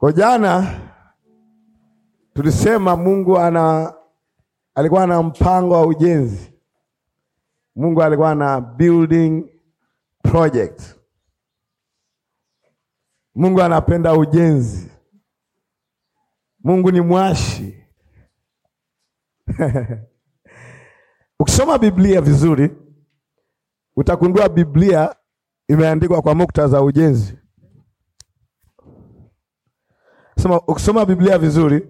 Kwa jana tulisema Mungu ana alikuwa na mpango wa ujenzi. Mungu alikuwa na building project. Mungu anapenda ujenzi. Mungu ni mwashi. Ukisoma Biblia vizuri utagundua Biblia imeandikwa kwa muktadha wa ujenzi. Sema ukisoma Biblia vizuri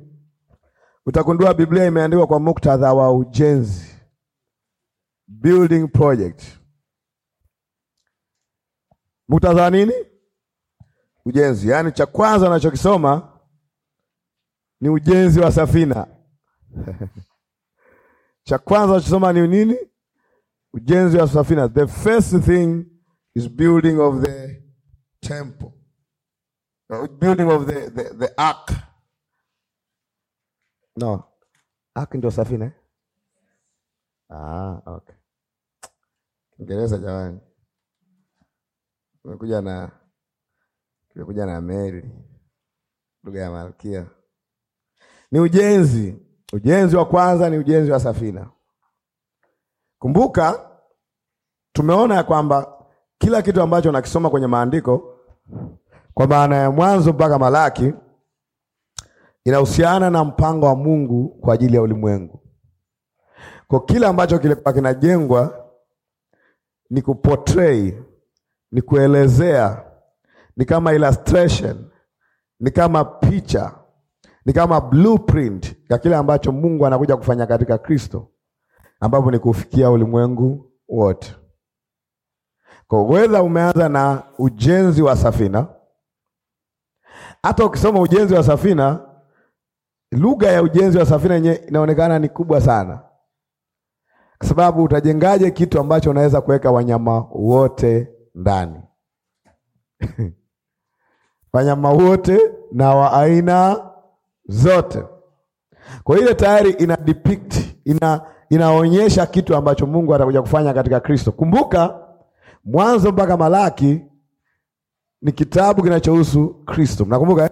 utagundua Biblia imeandikwa kwa muktadha wa ujenzi. Building project. Muktadha nini? Ujenzi. Yaani cha kwanza anachokisoma ni ujenzi wa safina. Cha kwanza anachosoma ni nini? Ujenzi wa safina. The first thing is building of the temple. The uh, building of the, the, the ark. No. Ark ndio safina. Ah, okay. Kiingereza jamani. Kimekuja na kimekuja na meli. Lugha ya Malkia. Ni ujenzi. Ujenzi wa kwanza ni ujenzi wa safina. Kumbuka tumeona ya kwamba kila kitu ambacho nakisoma kwenye maandiko kwa maana ya Mwanzo mpaka Malaki inahusiana na mpango wa Mungu kwa ajili ya ulimwengu. Kwa kila ambacho kilikuwa kinajengwa ni kupotray, ni kuelezea, ni kama illustration, ni kama picha, ni kama blueprint ya kile ambacho Mungu anakuja kufanya katika Kristo, ambapo ni kufikia ulimwengu wote. Kwa wedha umeanza na ujenzi wa safina hata ukisoma ujenzi wa safina, lugha ya ujenzi wa safina yenyewe inaonekana ni kubwa sana, kwa sababu utajengaje kitu ambacho unaweza kuweka wanyama wote ndani? wanyama wote na wa aina zote. Kwa hiyo tayari ina depict, ina inaonyesha kitu ambacho Mungu atakuja kufanya katika Kristo. Kumbuka Mwanzo mpaka Malaki ni kitabu kinachohusu Kristo. Mnakumbuka eh?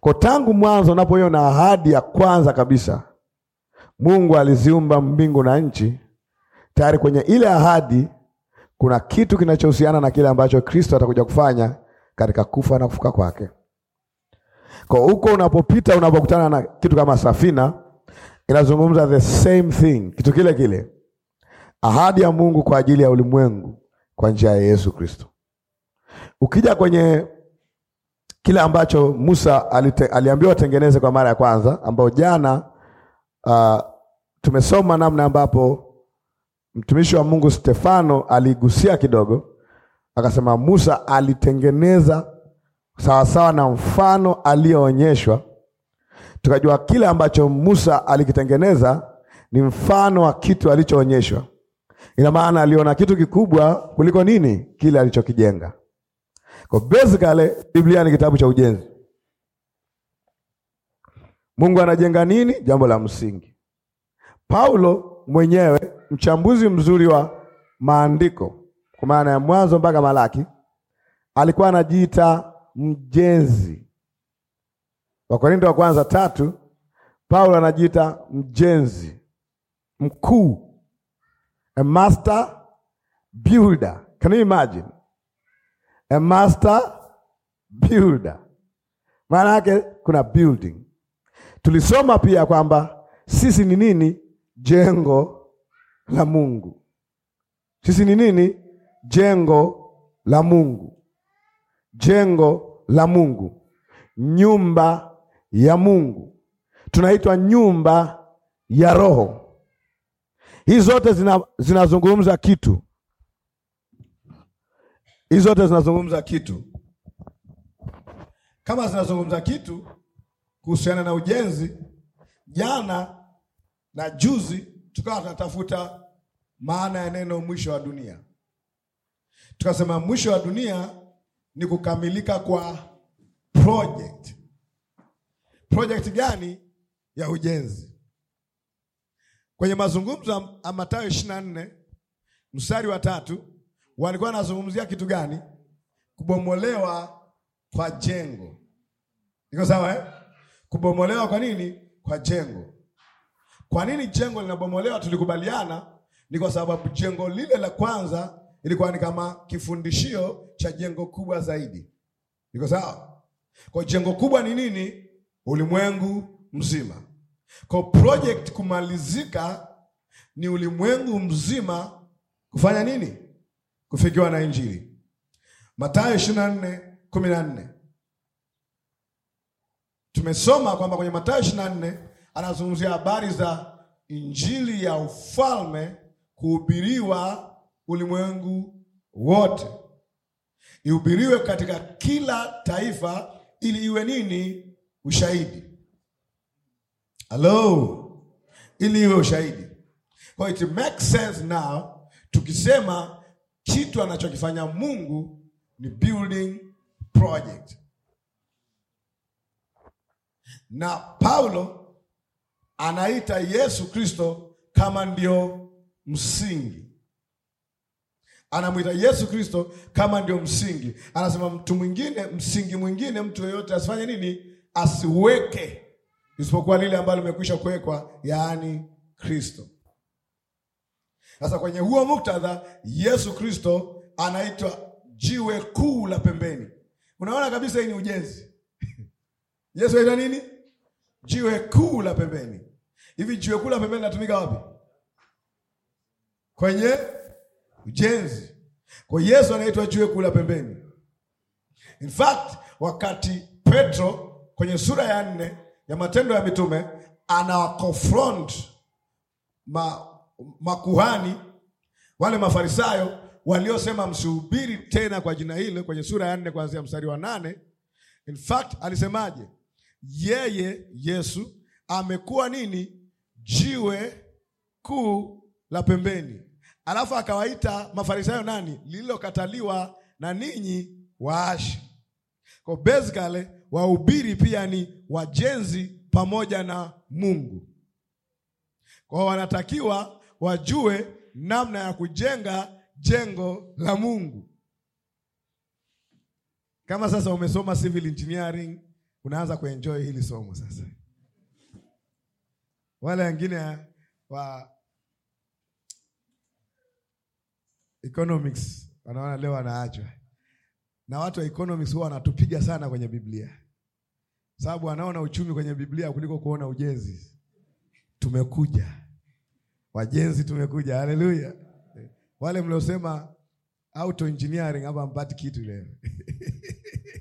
Kwa tangu mwanzo unapoiona ahadi ya kwanza kabisa, Mungu aliziumba mbingu na nchi, tayari kwenye ile ahadi kuna kitu kinachohusiana na kile ambacho Kristo atakuja kufanya katika kufa na kufuka kwake. Kwa huko unapopita, unapokutana na kitu kama safina, inazungumza the same thing, kitu kile kile, ahadi ya Mungu kwa ajili ya ulimwengu kwa njia ya Yesu Kristo. Ukija kwenye kile ambacho Musa alite, aliambiwa atengeneze kwa mara ya kwanza, ambao jana uh, tumesoma namna ambapo mtumishi wa Mungu Stefano aligusia kidogo, akasema Musa alitengeneza sawasawa na mfano aliyoonyeshwa. Tukajua kile ambacho Musa alikitengeneza ni mfano wa kitu alichoonyeshwa. Ina maana aliona kitu kikubwa kuliko nini kile alichokijenga. Kwa basically Biblia ni kitabu cha ujenzi. Mungu anajenga nini? Jambo la msingi. Paulo mwenyewe mchambuzi mzuri wa maandiko kwa maana ya Mwanzo mpaka Malaki alikuwa anajiita mjenzi. wakorinto wa kwanza tatu, Paulo anajiita mjenzi mkuu, a master builder. Can you imagine? a master builder. Maana yake kuna building. Tulisoma pia kwamba sisi ni nini? Jengo la Mungu. Sisi ni nini? Jengo la Mungu, jengo la Mungu, nyumba ya Mungu. Tunaitwa nyumba ya Roho. Hizi zote zina, zinazungumza kitu Hizi zote zinazungumza kitu. Kama zinazungumza kitu kuhusiana na ujenzi, jana na juzi tukawa tunatafuta maana ya neno mwisho wa dunia. Tukasema mwisho wa dunia ni kukamilika kwa project. Project gani? Ya ujenzi. Kwenye mazungumzo ya Mathayo 24 mstari wa tatu walikuwa wanazungumzia kitu gani? Kubomolewa kwa jengo. Iko sawa eh? Kubomolewa kwa nini? Kwa jengo. Kwa nini jengo linabomolewa? Tulikubaliana ni kwa sababu jengo lile la kwanza ilikuwa ni kama kifundishio cha jengo kubwa zaidi. Iko sawa? Kwa jengo kubwa ni nini? Ulimwengu mzima. Kwa project kumalizika ni ulimwengu mzima kufanya nini? kufikiwa na Injili. Mathayo 24:14. Tumesoma kwamba kwenye Mathayo 24 anazungumzia habari za Injili ya ufalme kuhubiriwa ulimwengu wote, ihubiriwe katika kila taifa ili iwe nini? Ushahidi. Hello, ili iwe ushahidi. Kwa it makes sense now tukisema kitu anachokifanya Mungu ni building project, na Paulo anaita Yesu Kristo kama ndio msingi anamwita Yesu Kristo kama ndio msingi. Anasema mtu mwingine, msingi mwingine, mtu yeyote asifanye nini? Asiweke isipokuwa lile ambalo limekwisha kuwekwa, yaani Kristo. Sasa kwenye huo muktadha, Yesu Kristo anaitwa jiwe kuu la pembeni. Unaona kabisa hii ni ujenzi. Yesu anaitwa nini? Jiwe kuu la pembeni. Hivi jiwe kuu la pembeni linatumika wapi? Kwenye ujenzi. Kwa Yesu anaitwa jiwe kuu la pembeni. In fact, wakati Petro kwenye sura ya nne ya Matendo ya Mitume anawakonfront ma makuhani wale Mafarisayo waliosema msihubiri tena kwa jina hilo kwenye sura ya nne kuanzia mstari wa nane. In fact alisemaje? Yeye Yesu amekuwa nini? Jiwe kuu la pembeni. Alafu akawaita Mafarisayo nani? Lililokataliwa na ninyi waashi. Kwa basically wahubiri pia ni wajenzi pamoja na Mungu. Kwa wanatakiwa wajue namna ya kujenga jengo la Mungu. Kama sasa umesoma civil engineering, unaanza kuenjoy hili somo sasa. Wale wengine wa economics wanaona leo wanaachwa na watu wa economics, huwa wanatupiga sana kwenye Biblia, sababu wanaona uchumi kwenye Biblia kuliko kuona ujenzi. Tumekuja Wajenzi tumekuja, haleluya. Wale mliosema auto engineering hapa mpati kitu leo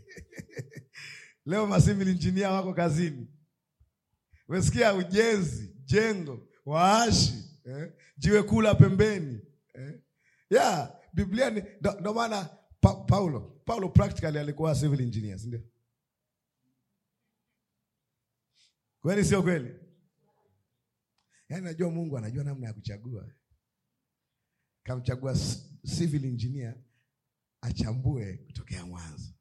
leo masivil engineer wako kazini, umesikia? Ujenzi, jengo, waashi eh, jiwe kula pembeni eh. Yeah, Biblia ndo maana pa, Paulo Paulo practically alikuwa civil engineer, si Kweli sio kweli? Yaani najua Mungu anajua namna ya kuchagua. Kamchagua civil engineer achambue kutokea mwanzo.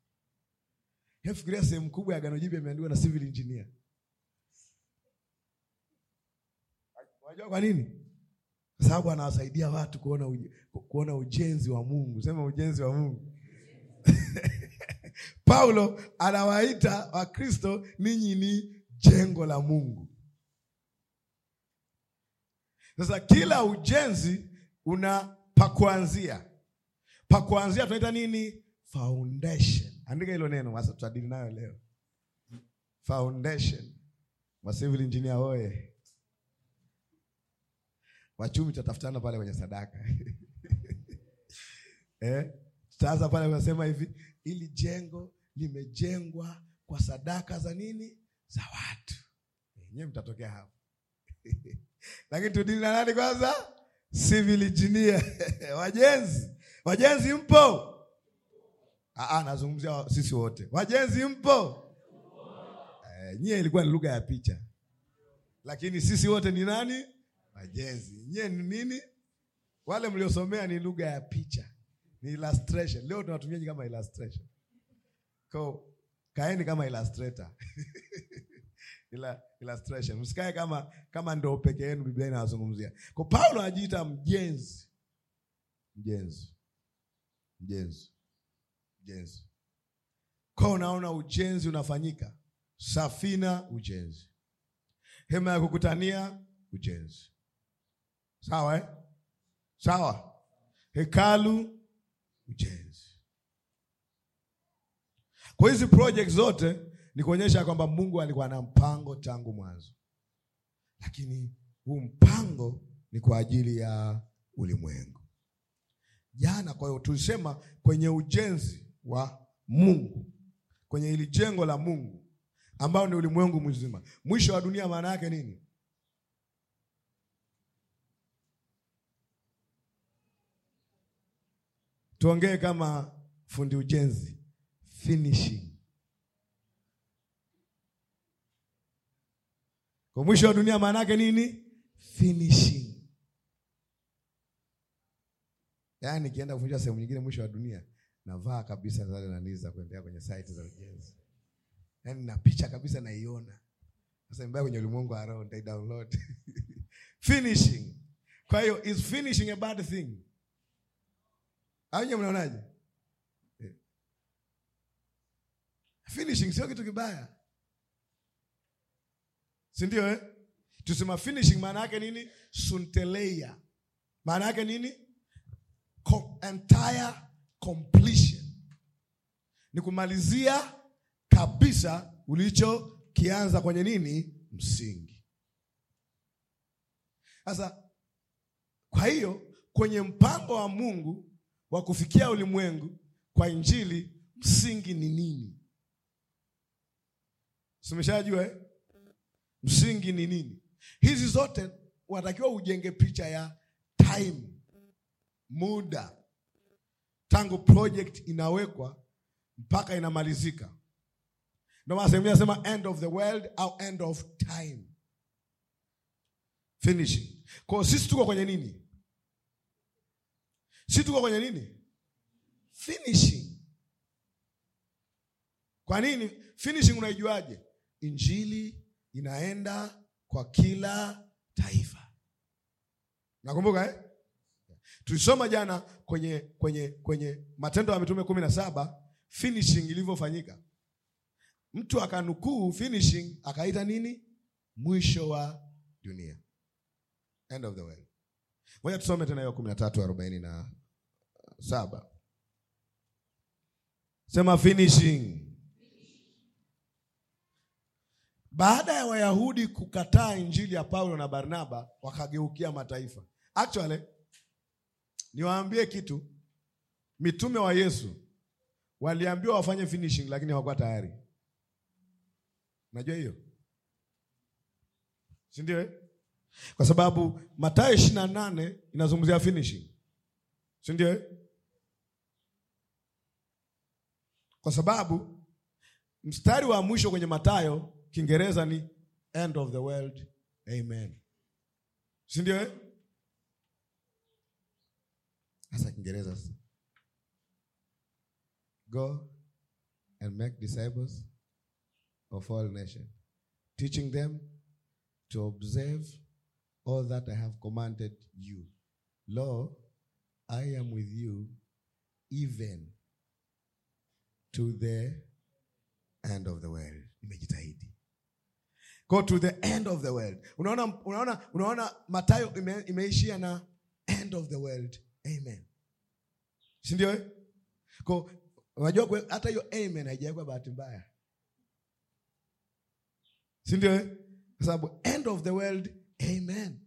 Hefikiria sehemu kubwa ya Agano Jipya imeandikwa na civil engineer. Unajua kwa nini? Kwa sababu anawasaidia watu kuona uje, kuona ujenzi wa Mungu. Sema ujenzi wa Mungu. Paulo anawaita Wakristo, ninyi ni jengo la Mungu. Sasa kila ujenzi una pakuanzia, pakuanzia tunaita nini? Foundation. Andika hilo neno, hasa, tutadili nayo leo. Foundation. civil engineer oye, wachumi tutatafutana pale kwenye sadaka eh? Tutaanza pale unasema hivi, ili jengo limejengwa kwa sadaka za nini? Za watu. Nyewe mtatokea hapo lakini tudili na nani kwanza? Civil engineer wajenzi, wajenzi mpo? Ah, ah, nazungumzia sisi wote wajenzi mpo? Eh, nyie ilikuwa ni lugha ya picha, lakini sisi wote ni nani? Wajenzi. Nyie ni nini? Wale mliosomea ni lugha ya picha, ni illustration. Leo tunatumia kama illustration, kwa kaeni kama illustrator illustration. Msikae kama kama ndo peke yenu Biblia inawazungumzia. Kwa Paulo anajiita mjenzi, mjenzi, mjenzi, mjenzi. Kwa unaona ujenzi unafanyika, safina ujenzi, hema ya kukutania ujenzi, sawa eh? Sawa, hekalu ujenzi. Kwa hizi project zote ni kuonyesha kwamba Mungu alikuwa na mpango tangu mwanzo, lakini huu mpango ni kwa ajili ya ulimwengu. Jana kwa hiyo tulisema kwenye ujenzi wa Mungu, kwenye hili jengo la Mungu ambao ni ulimwengu mzima. Mwisho wa dunia maana yake nini? Tuongee kama fundi ujenzi, finishing Kwa mwisho wa dunia maana yake nini? Finishing. Yaani nikienda kufundisha sehemu nyingine mwisho wa dunia navaa kabisa zale nani za kuendea kwenye site za ujenzi. Yaani na picha kabisa naiona. Sasa mbaya kwenye ulimwengu wa roho ndio download. finishing. Kwa hiyo is finishing a bad thing? Aje mnaonaje? Eh. Finishing sio kitu kibaya sindio eh? Tusema finishing maana yake nini? Sunteleia maana yake nini? Com entire completion ni kumalizia kabisa ulichokianza kwenye nini, msingi. Sasa kwa hiyo kwenye mpango wa Mungu wa kufikia ulimwengu kwa injili, msingi ni nini? Simeshajua eh? Msingi ni nini? Hizi zote unatakiwa ujenge picha ya time, muda tangu project inawekwa mpaka inamalizika. Ndio maana sehemu inasema end of the world au end of time finishing. Kwa sisi tuko kwenye nini? Sisi tuko kwenye nini? Finishing. Kwa nini finishing? Unaijuaje? Injili inaenda kwa kila taifa. Nakumbuka eh? Tulisoma jana kwenye kwenye kwenye Matendo ya Mitume kumi na saba finishing ilivyofanyika, mtu akanukuu finishing akaita nini? Mwisho wa dunia, end of the world. Moja tusome tena hiyo kumi na tatu arobaini na saba sema finishing Baada ya Wayahudi kukataa injili ya Paulo na Barnaba, wakageukia mataifa. Actually, niwaambie kitu, mitume wa Yesu waliambiwa wafanye finishing, lakini hawakuwa tayari. Najua hiyo, si ndio eh? Kwa sababu Mathayo ishirini na nane inazungumzia finishing, si ndio eh? Kwa sababu mstari wa mwisho kwenye Mathayo Kiingereza ni end of the world amen, si ndio eh? Kiingereza go and make disciples of all nations teaching them to observe all that I have commanded you. Lo, I am with you even to the end of the world. Nimejitahidi go to the end of the world unaona unaona unaona matayo ime, imeishia na end of the world amen si ndio eh? ko unajua hata hiyo amen haijawekwa bahati mbaya si ndio eh? kwa sababu end of the world amen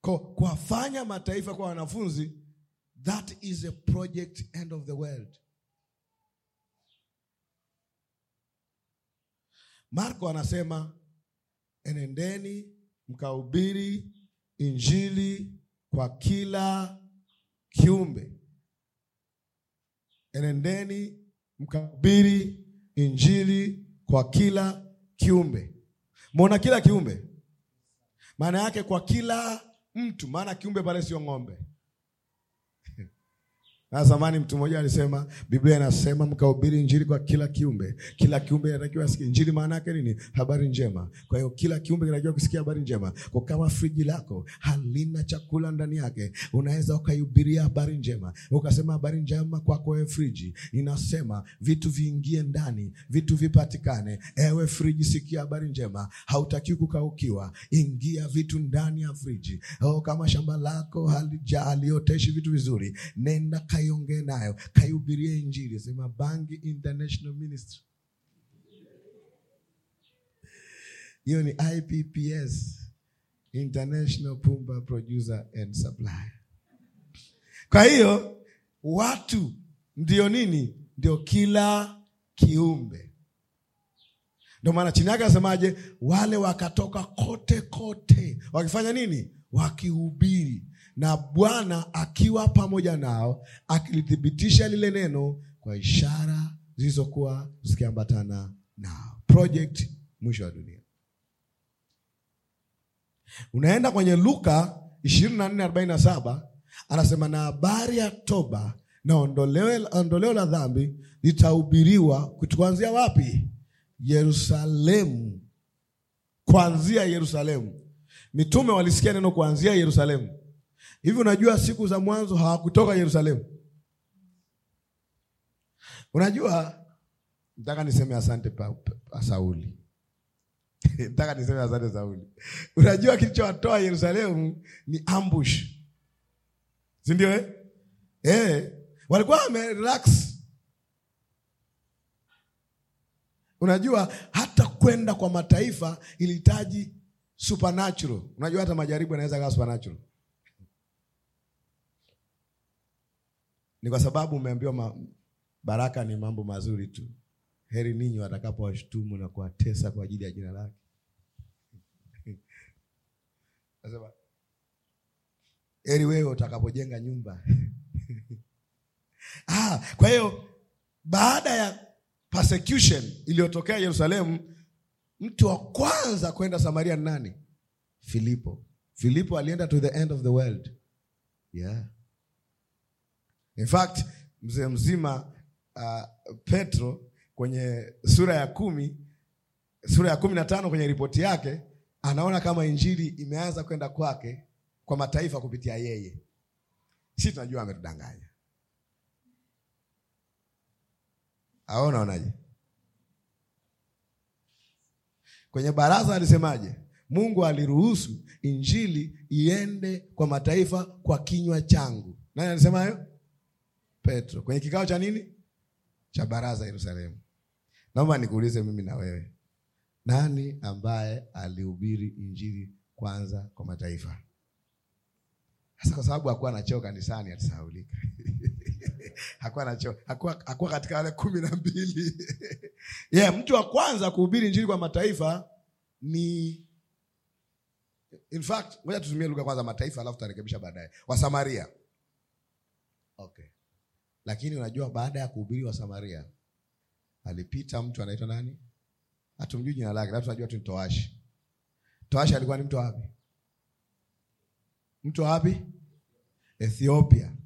ko kuwafanya mataifa kwa wanafunzi that is a project end of the world Marko anasema enendeni mkahubiri injili kwa kila kiumbe. Enendeni mkahubiri injili kwa kila kiumbe. Mwona kila kiumbe maana yake kwa kila mtu, maana kiumbe pale sio ng'ombe. Na zamani mtu mmoja alisema Biblia inasema mkahubiri injili kwa kila kiumbe. Kila kiumbe anatakiwa asikie injili. Maana yake nini? Habari njema. Kwa hiyo kila kiumbe kinatakiwa kusikia habari njema. Kwa kama friji lako halina chakula ndani yake, unaweza ukahubiria habari njema, ukasema habari njema kwako wewe friji. Inasema vitu viingie ndani, vitu vipatikane. Ewe friji, sikia habari njema, hautaki kukaukiwa. Ingia vitu ndani ya friji. Au oh, kama shamba lako halija alioteshi vitu vizuri, nenda kaiongee nayo, kaihubirie Injili. Sema Bangi International Ministry, hiyo ni IPPS, International Pumba Producer and Supplier. Kwa hiyo watu ndio nini? Ndio kila kiumbe. Ndio maana chini yake anasemaje? Wale wakatoka kote kote wakifanya nini? Wakihubiri na Bwana akiwa pamoja nao, akilithibitisha lile neno kwa ishara zilizokuwa zikiambatana nao. Project mwisho wa dunia. Unaenda kwenye Luka 24:47 anasema, na habari ya toba na ondoleo, la dhambi litahubiriwa kuanzia wapi? Yerusalemu, kuanzia Yerusalemu. Mitume walisikia neno kuanzia Yerusalemu Hivi unajua siku za mwanzo hawakutoka Yerusalemu? Unajua, nataka niseme asante pa, pa, Sauli nataka niseme asante Sauli. Unajua kilichowatoa Yerusalemu ni ambush, si ndio eh? Eh, walikuwa relax. Unajua hata kwenda kwa mataifa ilihitaji supernatural. Unajua hata majaribu yanaweza kuwa supernatural. Ni kwa sababu umeambiwa ma, baraka ni mambo mazuri tu. Heri ninyi watakapowashutumu na kuwatesa kwa ajili ya jina lake. Nasema heri wewe utakapojenga nyumba. Ah, kwa hiyo baada ya persecution iliyotokea Yerusalemu, mtu wa kwanza kwenda Samaria ni nani? Filipo. Filipo alienda to the end of the world. Yeah. In fact mzee mzima uh, Petro kwenye sura ya kumi sura ya kumi na tano kwenye ripoti yake anaona kama injili imeanza kwenda kwake kwa mataifa kupitia yeye. Sisi tunajua ametudanganya au unaonaje? Kwenye baraza alisemaje? Mungu aliruhusu injili iende kwa mataifa kwa kinywa changu. Nani alisema hayo? Petro kwenye kikao cha nini cha baraza Yerusalemu. Naomba nikuulize mimi na wewe, nani ambaye alihubiri injili kwanza kwa mataifa? Sasa kwa sababu hakuwa na cheo kanisani atasahaulika. hakuwa na cheo, hakuwa, hakuwa katika wale kumi na mbili yeah, mtu wa kwanza kuhubiri injili kwa mataifa ni in fact, ngoja tutumie lugha kwanza mataifa, alafu tutarekebisha baadaye. Wasamaria, okay. Lakini unajua baada ya kuhubiri wa Samaria alipita mtu anaitwa nani? Hatumjui jina lake, labda tunajua tu Toashi. Toashi alikuwa ni mtu wapi? Mtu wapi? Ethiopia.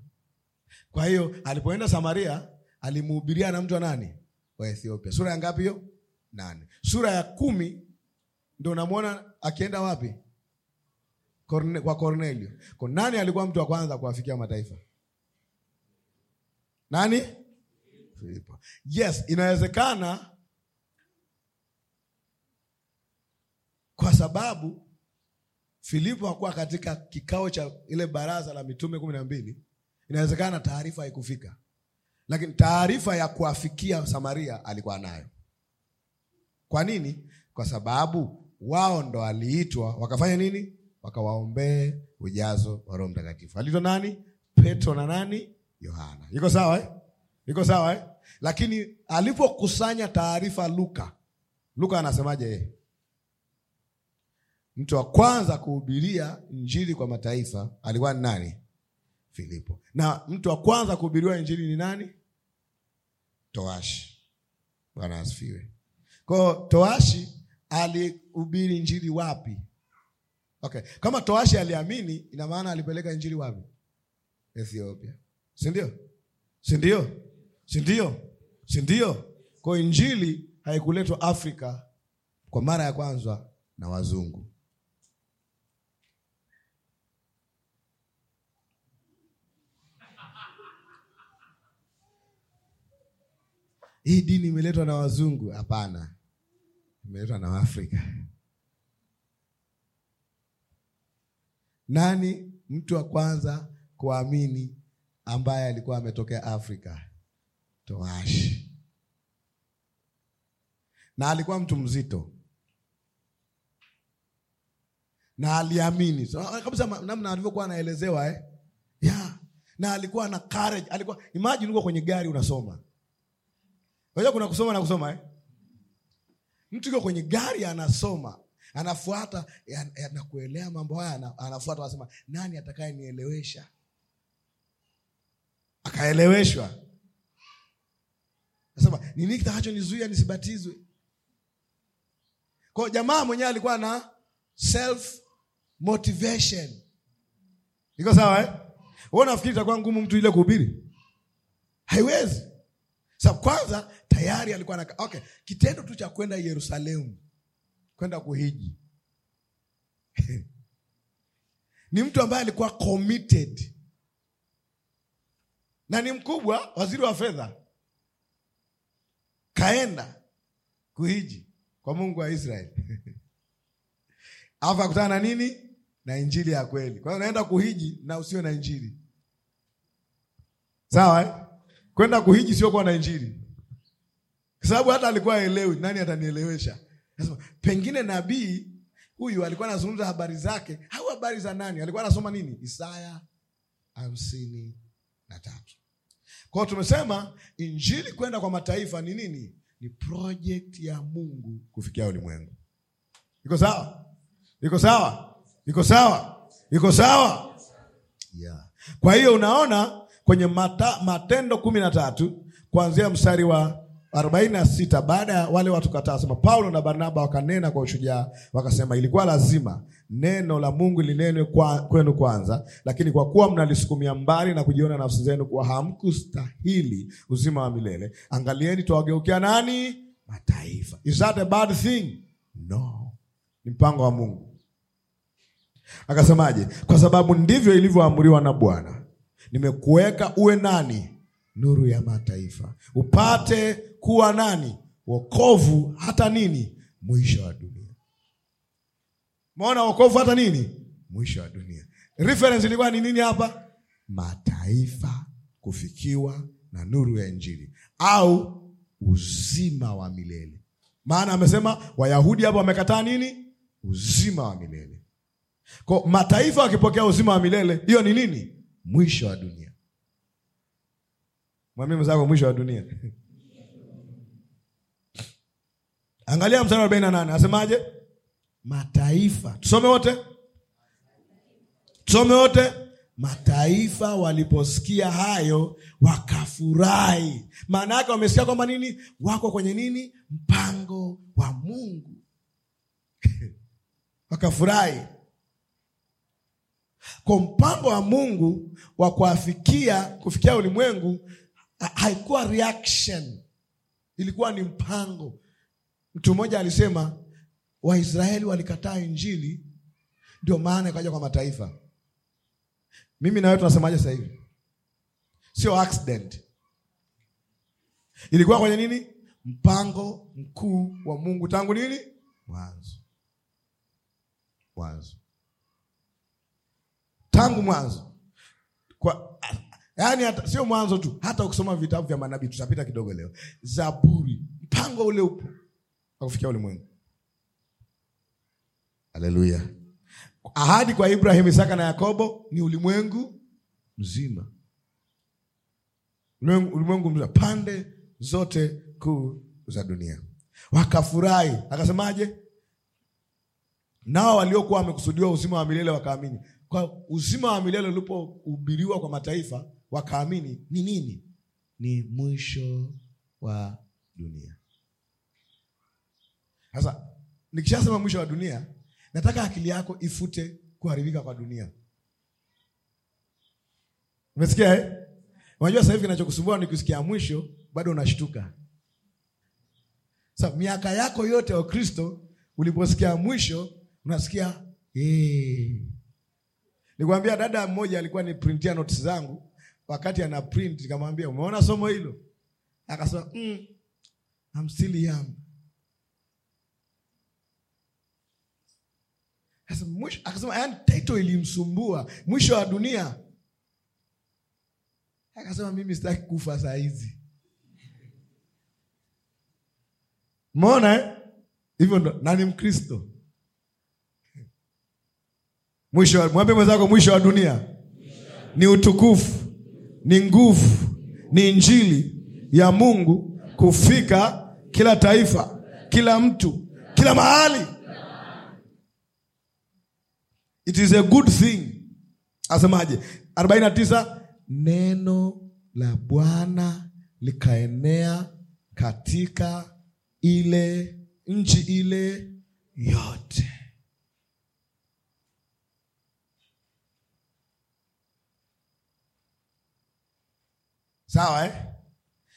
Kwa hiyo alipoenda Samaria alimhubiria na mtu wa nani? Wa Ethiopia. Sura ya ngapi hiyo? Nane. Sura ya kumi ndio unamwona akienda wapi? Korne, kwa Kornelio. Kwa nani alikuwa mtu wa kwanza kuwafikia mataifa? nani? Filipo. Yes, inawezekana kwa sababu Filipo hakuwa katika kikao cha ile baraza la mitume kumi na mbili. Inawezekana taarifa haikufika, lakini taarifa ya kuwafikia Samaria alikuwa nayo. Kwa nini? Kwa sababu wao ndo waliitwa wakafanya nini? Wakawaombee ujazo wa Roho Mtakatifu. Aliitwa nani? Petro na nani? Yohana. Iko sawa eh? Iko sawa eh? Lakini alipokusanya taarifa Luka, Luka anasemaje Mtu wa kwanza kuhubiria injili kwa mataifa alikuwa ni nani? Filipo. Na mtu wa kwanza kuhubiriwa injili ni nani? Toashi. Bwana asifiwe. Kwa Toashi alihubiri injili wapi? Okay. Kama Toashi aliamini, ina maana alipeleka injili wapi? Ethiopia sindio? Sindio? Sindio? Sindio? Kwa injili haikuletwa Afrika kwa mara ya kwanza na wazungu. Hii dini imeletwa na wazungu? Hapana, imeletwa na Waafrika. Nani mtu wa kwanza kuamini ambaye alikuwa ametokea Afrika, toashi na alikuwa mtu mzito na aliamini ah, kabisa namna alivyokuwa anaelezewa eh? yeah. na alikuwa na courage. Alikuwa imagine uko kwenye gari unasoma, unajua kuna kusoma na kusoma eh? mtu yuko kwenye gari anasoma, anafuata anakuelea mambo haya, anafuata anasema, nani atakaye nielewesha akaeleweshwa. Nasema ni nini kitakachonizuia nisibatizwe? kwao jamaa mwenyewe alikuwa na self motivation. Iko sawa eh? Wewe nafikiri itakuwa ngumu mtu ile kuhubiri? Haiwezi. sa kwanza tayari alikuwa na okay, kitendo tu cha kwenda Yerusalemu kwenda kuhiji ni mtu ambaye alikuwa committed na ni mkubwa, waziri wa fedha, kaenda kuhiji kwa Mungu wa Israeli alafu akutana na nini? Na injili ya kweli. Kwa hiyo naenda kuhiji na usio na injili, sawa eh? Kwenda kuhiji sio kuwa na injili, kwa sababu hata alikuwa aelewi, nani atanielewesha? Nasema pengine nabii huyu alikuwa anazungumza habari zake au habari za nani? Alikuwa anasoma nini? Isaya hamsini na tatu kwao tumesema injili kwenda kwa mataifa ni nini? Ni projekt ya Mungu kufikia ulimwengu. Iko sawa? Iko sawa? Iko sawa? Iko sawa? Yeah. Kwa hiyo unaona kwenye mata, Matendo kumi na tatu kuanzia mstari wa arobaini na sita baada ya wale watu kataa sema, Paulo na Barnaba wakanena kwa ushujaa, wakasema, ilikuwa lazima neno la Mungu linenwe kwa, kwenu kwanza, lakini kwa kuwa mnalisukumia mbali na kujiona nafsi zenu kuwa hamkustahili uzima wa milele, angalieni tuwageukia nani? Mataifa. Is that a bad thing? No, ni mpango wa Mungu. Akasemaje? Kwa sababu ndivyo ilivyoamriwa na Bwana, nimekuweka uwe nani nuru ya mataifa, upate kuwa nani? Wokovu hata nini? Mwisho wa dunia. Maona wokovu hata nini? Mwisho wa dunia. Reference ilikuwa ni nini hapa? Mataifa kufikiwa na nuru ya Injili au uzima wa milele. Maana amesema Wayahudi hapo wamekataa nini? Uzima wa milele. Kwa mataifa wakipokea uzima wa milele, hiyo ni nini? Mwisho wa dunia mwambie mwenzako mwisho wa dunia. Angalia mstari wa arobaini na nane asemaje? Mataifa, tusome wote, tusome wote. Mataifa waliposikia hayo wakafurahi. Maana yake wamesikia kwamba nini, wako kwenye nini, mpango wa Mungu wakafurahi kwa mpango wa Mungu wa kuafikia kufikia ulimwengu haikuwa reaction, ilikuwa ni mpango. Mtu mmoja alisema Waisraeli walikataa Injili, ndio maana ikaja kwa mataifa. Mimi nawe tunasemaje sasa hivi? Sio accident, ilikuwa kwenye nini? Mpango mkuu wa Mungu tangu nini? Mwanzo, mwanzo, tangu mwanzo kwa yaani hata sio mwanzo tu hata ukisoma vitabu vya manabii tutapita kidogo leo zaburi mpango ule upo wakufikia ulimwengu haleluya ahadi kwa ibrahim isaka na yakobo ni ulimwengu mzima ulimwengu, ulimwengu mzima pande zote kuu za dunia wakafurahi akasemaje nao waliokuwa wamekusudiwa uzima wa milele wakaamini kwa uzima wa milele ulipohubiriwa kwa mataifa wakaamini ni nini? Ni mwisho wa dunia. Sasa nikishasema mwisho wa dunia, nataka akili yako ifute kuharibika kwa dunia. Umesikia eh? Unajua sasa hivi kinachokusumbua ni kusikia mwisho, bado unashtuka. Sasa miaka yako yote wa Kristo uliposikia mwisho, unasikia hey. Eh. Nikwambia dada mmoja alikuwa ni printia notes zangu wakati ana print, nikamwambia umeona somo hilo? Akasema mm, I'm still young. Akasema yaani title ilimsumbua, mwisho wa dunia. Akasema mimi sitaki kufa saa hizi. Mona eh? hivyo ndo na ni Mkristo. Mwisho mwambie mwenzako, mwisho wa dunia ni utukufu ni nguvu, ni injili ya Mungu kufika kila taifa, kila mtu, kila mahali. It is a good thing. Asemaje? 49 neno la Bwana likaenea katika ile nchi ile yote. Sawa eh?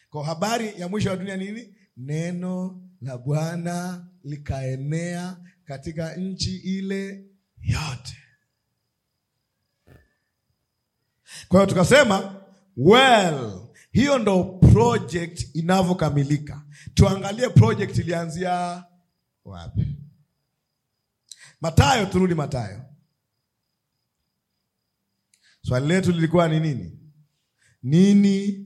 Kwa habari ya mwisho wa dunia nini? Neno la Bwana likaenea katika nchi ile yote. Kwa hiyo tukasema well, hiyo ndo project inavyokamilika. Tuangalie project ilianzia wapi? Matayo, turudi Matayo. Swali letu lilikuwa ni nini? Nini?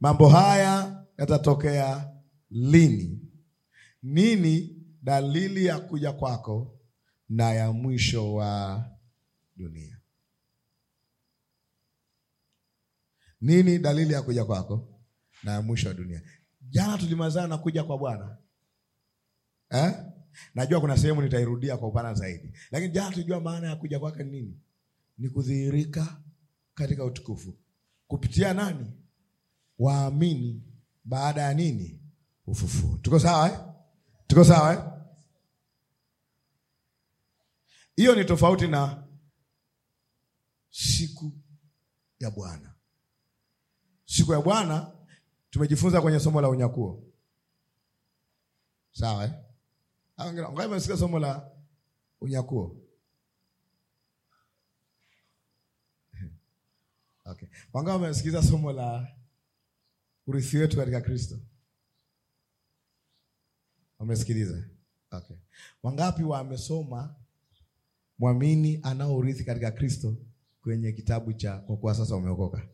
Mambo haya yatatokea lini? Nini dalili ya kuja kwako na ya mwisho wa dunia? Nini dalili ya kuja kwako na ya mwisho wa dunia? Jana tulimazana na kuja kwa Bwana eh? Najua kuna sehemu nitairudia kwa upana zaidi, lakini jana tulijua maana ya kuja kwake nini? Ni kudhihirika katika utukufu kupitia nani? Waamini baada ya nini? Ufufuo. Tuko sawa eh? Tuko sawa eh? Hiyo ni tofauti na siku ya Bwana. Siku ya Bwana tumejifunza kwenye somo la unyakuo, sawa eh? Mesikia somo la unyakuo Okay. Wangapi wamesikiza somo la urithi wetu katika Kristo? Wamesikiliza? Okay. Wangapi wamesoma mwamini anao urithi katika Kristo kwenye kitabu cha kwa kuwa sasa umeokoka?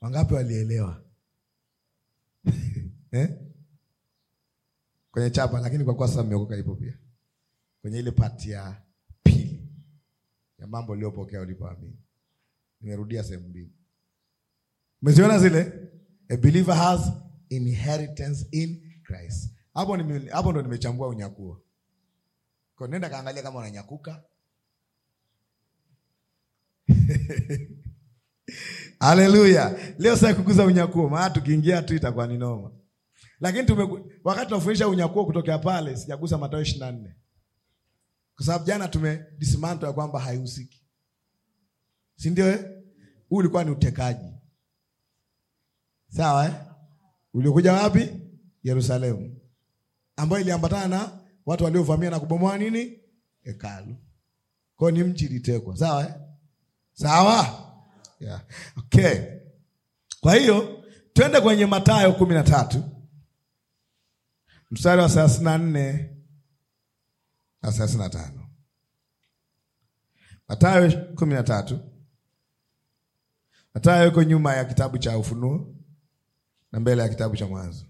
Wangapi walielewa? eh? Kwenye chapa lakini kwa kuwa sasa umeokoka ipo pia. Kwenye ile pati ya pili ya mambo uliyopokea ulipoamini. Nimerudia sehemu mbili. Umeziona zile? A believer has inheritance in Christ. Hapo ni hapo ndo nimechambua unyakuo. Kwa nenda kaangalia kama unanyakuka. Haleluya. Leo sasa kukuza unyakuo, maana tukiingia tu itakuwa ni noma. Lakini tume wakati tunafundisha unyakuo kutokea pale sijagusa Mathayo 24. Kwa sababu jana tume dismantle ya kwamba haihusiki. Si ndio eh? Huu ulikuwa ni utekaji, sawa eh? Uliokuja wapi? Yerusalemu, ambayo iliambatana na watu waliovamia na kubomoa nini, hekalu. Kwa ni mji ilitekwa, sawa eh? Sawa yeah. Okay, kwa hiyo twende kwenye Mathayo kumi na tatu mstari wa thelathini na nne na thelathini na tano Mathayo kumi na tatu hata yuko nyuma ya kitabu cha Ufunuo na mbele ya kitabu cha Mwanzo.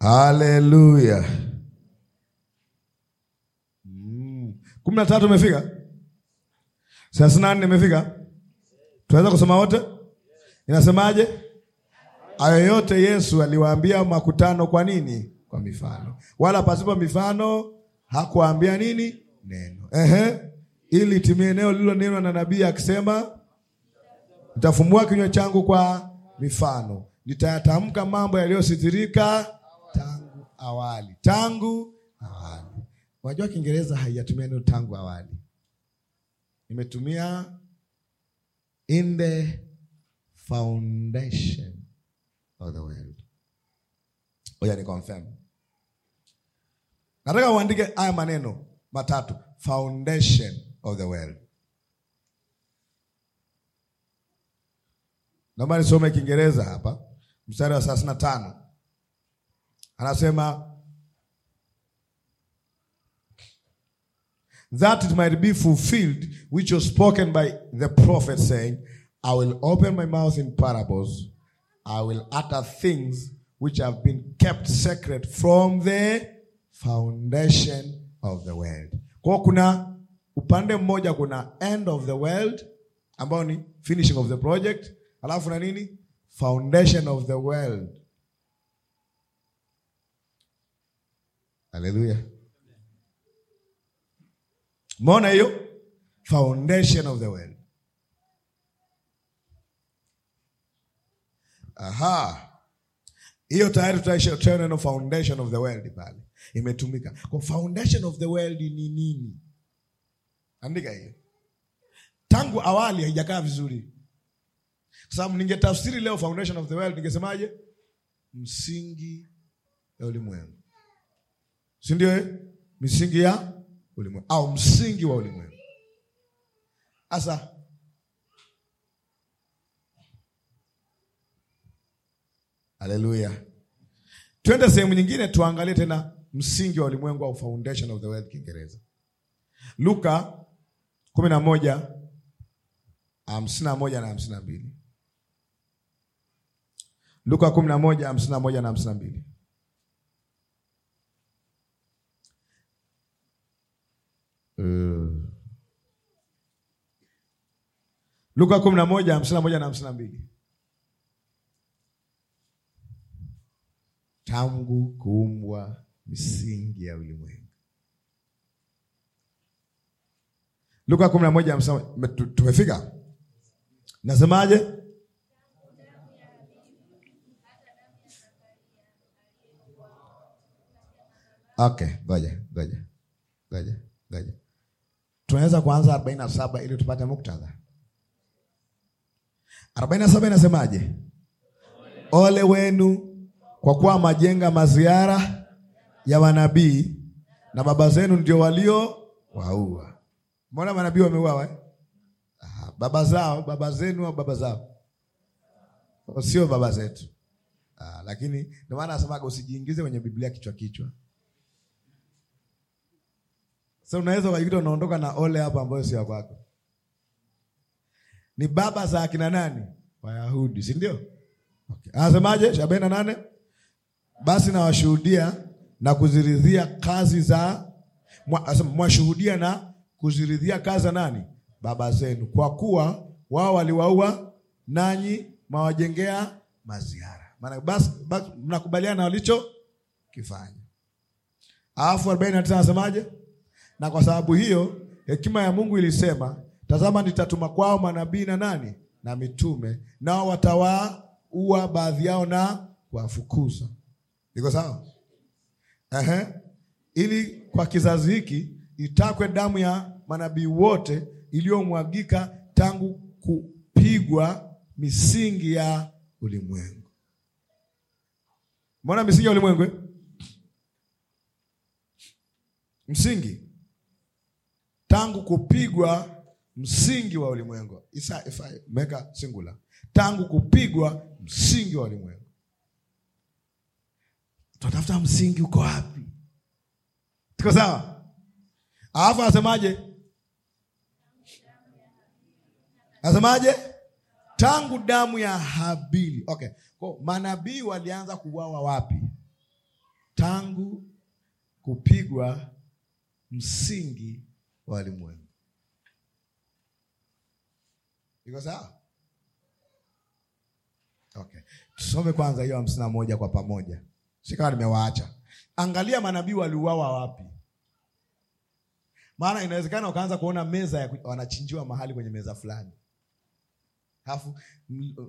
Haleluya. Mm. Kumi na tatu imefika? Thelathini na nne imefika? Tunaweza kusoma wote? Inasemaje? Hayo yote Yesu aliwaambia makutano. Kwa nini? Kwa mifano, wala pasipo mifano hakuambia nini neno. Ehe, ili timie neno lililonenwa na nabii akisema, nitafumbua kinywa changu kwa mifano, nitayatamka mambo yaliyositirika tangu awali. Tangu awali, unajua Kiingereza haijatumia neno tangu awali, imetumia in the foundation of the world. Oya ni confirm. Nataka uandike haya maneno matatu, foundation of the world. Naomba nisome Kiingereza hapa, mstari wa thelathini na tano anasema that it might be fulfilled which was spoken by the prophet saying, I will open my mouth in parables I will utter things which have been kept secret from the foundation of the world. Kwa kuna upande mmoja kuna end of the world ambao ni finishing of the project, alafu na nini foundation of the world. Haleluya, mona hiyo foundation of the world Aha. Hiyo tayari tutaisha neno foundation of the world pale. Imetumika. Kwa foundation of the world ni nini? Andika hiyo. Tangu awali haijakaa vizuri. Kwa sababu ningetafsiri leo foundation of the world ningesemaje? Msingi ya ulimwengu. Si ndio eh? Misingi ya ulimwengu au msingi wa ulimwengu. asa Haleluya. Twende sehemu nyingine tuangalie tena msingi wa ulimwengu au foundation of the world Kiingereza. Luka 11:51 na Luka 11:51 na eh. Luka 11:51 na tangu kuumbwa misingi ya ulimwengu. Luka kumi na moja tumefika, nasemaje? Okay, ngoja ngoja ngoja ngoja, tunaweza kuanza arobaini na saba ili tupate muktadha. arobaini na saba inasemaje? Ole wenu kwa kuwa majenga maziara ya manabii na baba zenu ndio walio waua. Mbona manabii wameuawa eh? baba zao, baba zenu au baba zao? Oh, sio baba zetu. Aa, ah, lakini ndio maana usijiingize kwenye Biblia kichwa kichwa. So unaweza ukajikuta unaondoka na ole hapo ambayo sio kwako. Ni baba za akina nani? Wayahudi, si ndio? Okay. Anasemaje? Shabena na nane basi nawashuhudia na kuziridhia kazi za mwashuhudia na kuziridhia kazi za nani? Baba zenu, kwa kuwa wao waliwaua, nanyi mawajengea maziara. Maana basi mnakubaliana na walicho kifanya. Alafu 49 anasemaje? Na kwa sababu hiyo hekima ya Mungu ilisema, tazama, nitatuma kwao manabii na nani na mitume, nao watawaua baadhi yao na kuwafukuza Niko sawa? eh? Ili kwa kizazi hiki itakwe damu ya manabii wote iliyomwagika tangu kupigwa misingi ya ulimwengu. Mbona misingi ya ulimwengu? Eh? Msingi tangu kupigwa msingi wa ulimwengu. Isa ifa meka singular. Tangu kupigwa msingi wa ulimwengu tunatafuta msingi uko wapi? Tuko sawa? Alafu anasemaje? Asemaje? tangu damu ya Habili. Okay, kwa manabii walianza kuwawa wapi? Tangu kupigwa msingi wa walimwengu Iko sawa? Okay, tusome kwanza hiyo hamsini na moja kwa pamoja sikawa nimewaacha. Angalia manabii waliuawa wapi, maana inawezekana ukaanza kuona meza ya wanachinjiwa mahali kwenye meza fulani. Alafu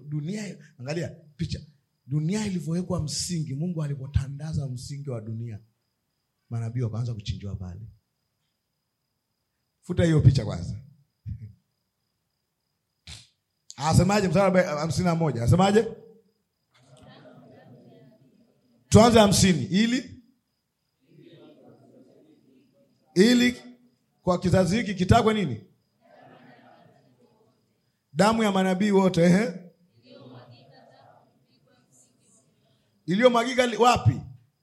dunia, angalia picha, dunia ilivyowekwa msingi, Mungu alivyotandaza msingi wa dunia, manabii wakaanza kuchinjiwa pale. Futa hiyo picha kwanza. Asemaje mstari hamsini na moja? Asemaje? tuanze hamsini ili ili kwa kizazi hiki kitakwe nini? Damu ya manabii wote, ehe, iliyomwagika wapi?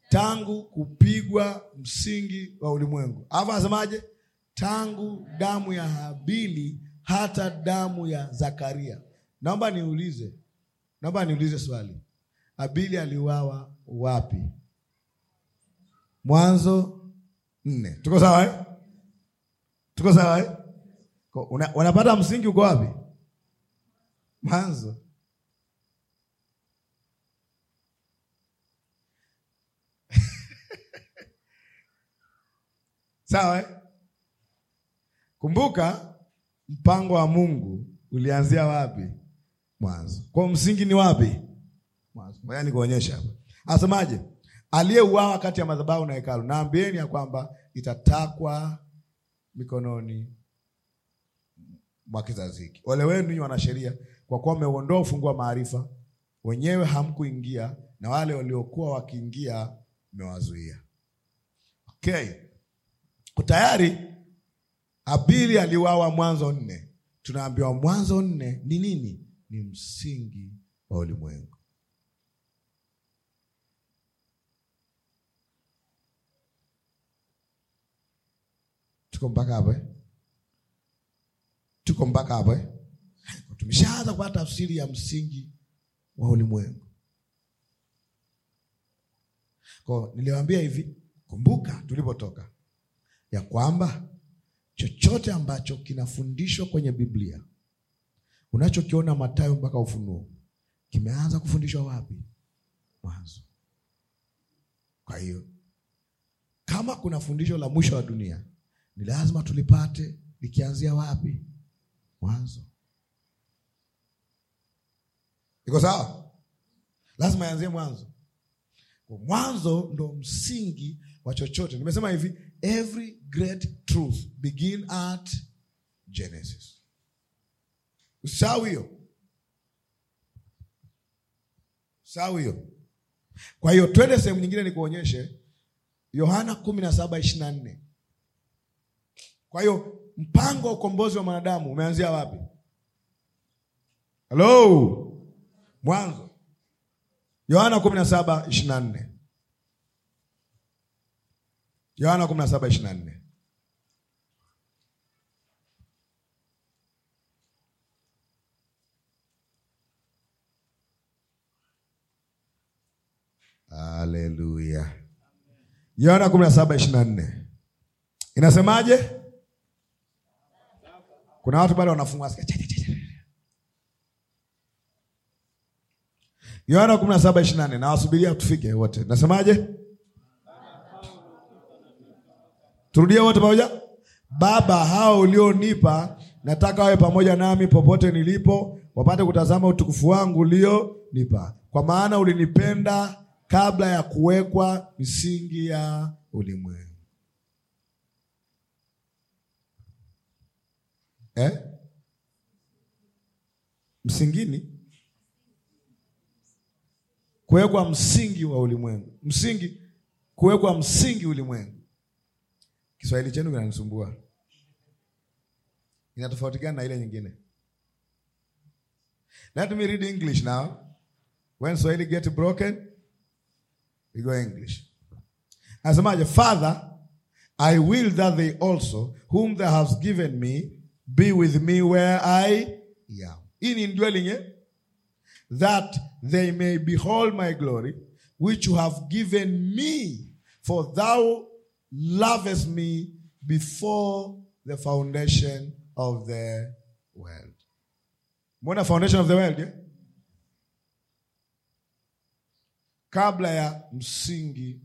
Tangu kupigwa msingi wa ulimwengu. Alafu anasemaje? Tangu damu ya Habili hata damu ya Zakaria. Naomba niulize, naomba niulize swali. Habili aliuawa wapi? Mwanzo nne. Tuko sawa eh? Tuko sawa eh? Una, unapata msingi uko wapi? Mwanzo. Sawa eh? Kumbuka mpango wa Mungu ulianzia wapi? Mwanzo. Kwa msingi ni wapi? Mwanzo. Ngoja nikuonyeshe hapa. Asemaje? Aliyeuawa kati ya madhabahu na hekalu, naambieni ya kwamba itatakwa mikononi mwa kizazi hiki. Ole wenu ninyi wanasheria, kwa kuwa mmeuondoa ufunguo wa maarifa. Wenyewe hamkuingia na wale waliokuwa wakiingia mmewazuia. Okay, tayari Abili aliuawa Mwanzo nne. Tunaambiwa Mwanzo nne ni nini? Ni msingi wa ulimwengu. Tuko mpaka hapo eh? Tuko mpaka hapo eh? Tumeshaanza kupata tafsiri ya msingi wa ulimwengu. Kwa niliwaambia hivi, kumbuka tulipotoka ya kwamba chochote ambacho kinafundishwa kwenye Biblia unachokiona matayo mpaka Ufunuo kimeanza kufundishwa wapi? Mwanzo. Kwa hiyo kama kuna fundisho la mwisho wa dunia ni lazima tulipate likianzia wapi? Mwanzo. Iko sawa? Lazima ianzie mwanzo. Mwanzo ndo msingi wa chochote. Nimesema hivi, every great truth begin at Genesis. Usisahau hiyo, sahau hiyo. Kwa hiyo twende sehemu nyingine nikuonyeshe Yohana kumi na saba ishirini na nne. Kwa hiyo mpango wa ukombozi wa mwanadamu umeanzia wapi? Hello? Mwanzo. Yohana 17:24. Yohana 17:24. na Yohana 17:24. inasemaje? kuna watu bado wanafungua Yohana kumi na saba ishirini na nane nawasubiria tufike wote. Nasemaje? Turudie wote pamoja. Baba, hao ulionipa nataka wawe pamoja nami popote nilipo, wapate kutazama utukufu wangu ulionipa, kwa maana ulinipenda kabla ya kuwekwa misingi ya ulimwengu. eh? Msingini kuwekwa msingi wa ulimwengu, msingi kuwekwa msingi ulimwengu. Kiswahili chenu kinanisumbua. Ina tofauti gani na ile nyingine? Let me read English now. When Swahili get broken, we go English. Anasemaje? Father, I will that they also whom thou hast given me Be with me where I am. In indwelling, eh? that they may behold my glory, which you have given me, for thou lovest me before the foundation of the world. Mbona foundation of the world eh? Kabla ya msingi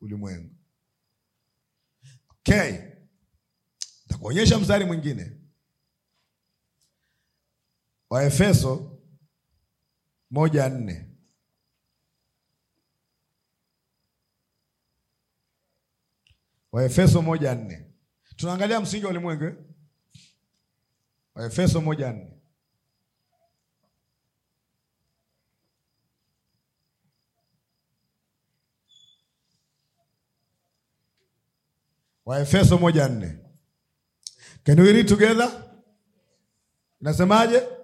ulimwengu. Okay, nitakuonyesha mstari mwingine Waefeso moja nne. Waefeso moja nne, tunaangalia msingi wa ulimwengu. Eh? Waefeso moja nne. Waefeso moja nne. Can we read together? Nasemaje?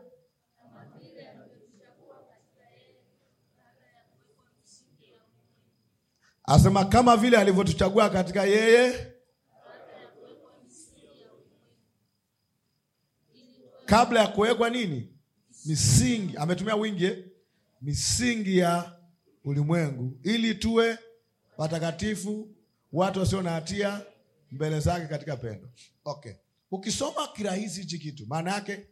Asema kama vile alivyotuchagua katika yeye, kabla ya kuwekwa nini, misingi ametumia wingi, eh? misingi ya ulimwengu, ili tuwe watakatifu, watu wasio na hatia mbele zake katika pendo. Okay, ukisoma kirahisi hichi kitu, maana yake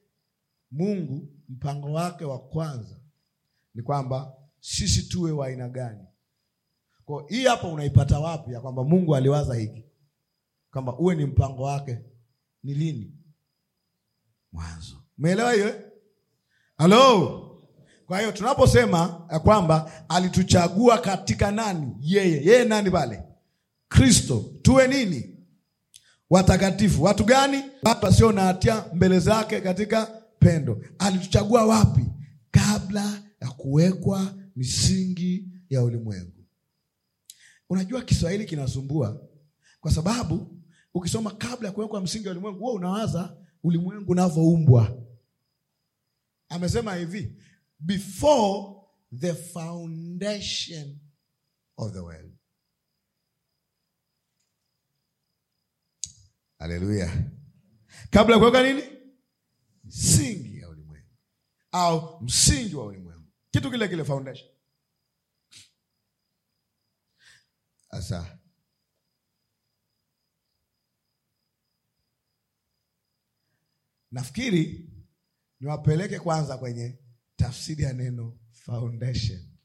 Mungu mpango wake wa kwanza ni kwamba sisi tuwe wa aina gani kwa hii hapa unaipata wapi ya kwamba Mungu aliwaza hiki? Kwamba uwe ni mpango wake ni lini? Mwanzo. Umeelewa hiyo? Halo. Eh? Kwa hiyo tunaposema ya kwamba alituchagua katika nani? Yeye. Yeye nani pale? Kristo. Tuwe nini? Watakatifu. Watu gani? Watu wasio na hatia mbele zake katika pendo. Alituchagua wapi? Kabla ya kuwekwa misingi ya ulimwengu. Unajua Kiswahili kinasumbua kwa sababu ukisoma kabla ya kuwekwa msingi wa ulimwengu, huo unawaza ulimwengu unavyoumbwa. Amesema hivi, before the foundation of the world. Haleluya! kabla ya kuweka nini msingi ya ulimwengu au msingi wa ulimwengu, kitu kile kile foundation Asa. Nafikiri niwapeleke kwanza kwenye tafsiri ya neno foundation.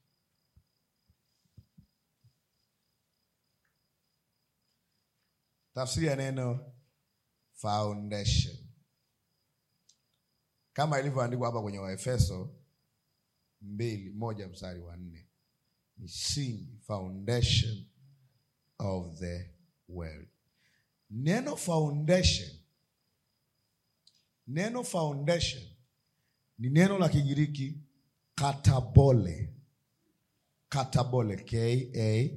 Tafsiri ya neno foundation kama ilivyoandikwa hapa kwenye Waefeso mbili moja mstari wa nne misingi foundation of the world. Neno foundation, neno foundation ni neno la Kigiriki katabole, katabole, K A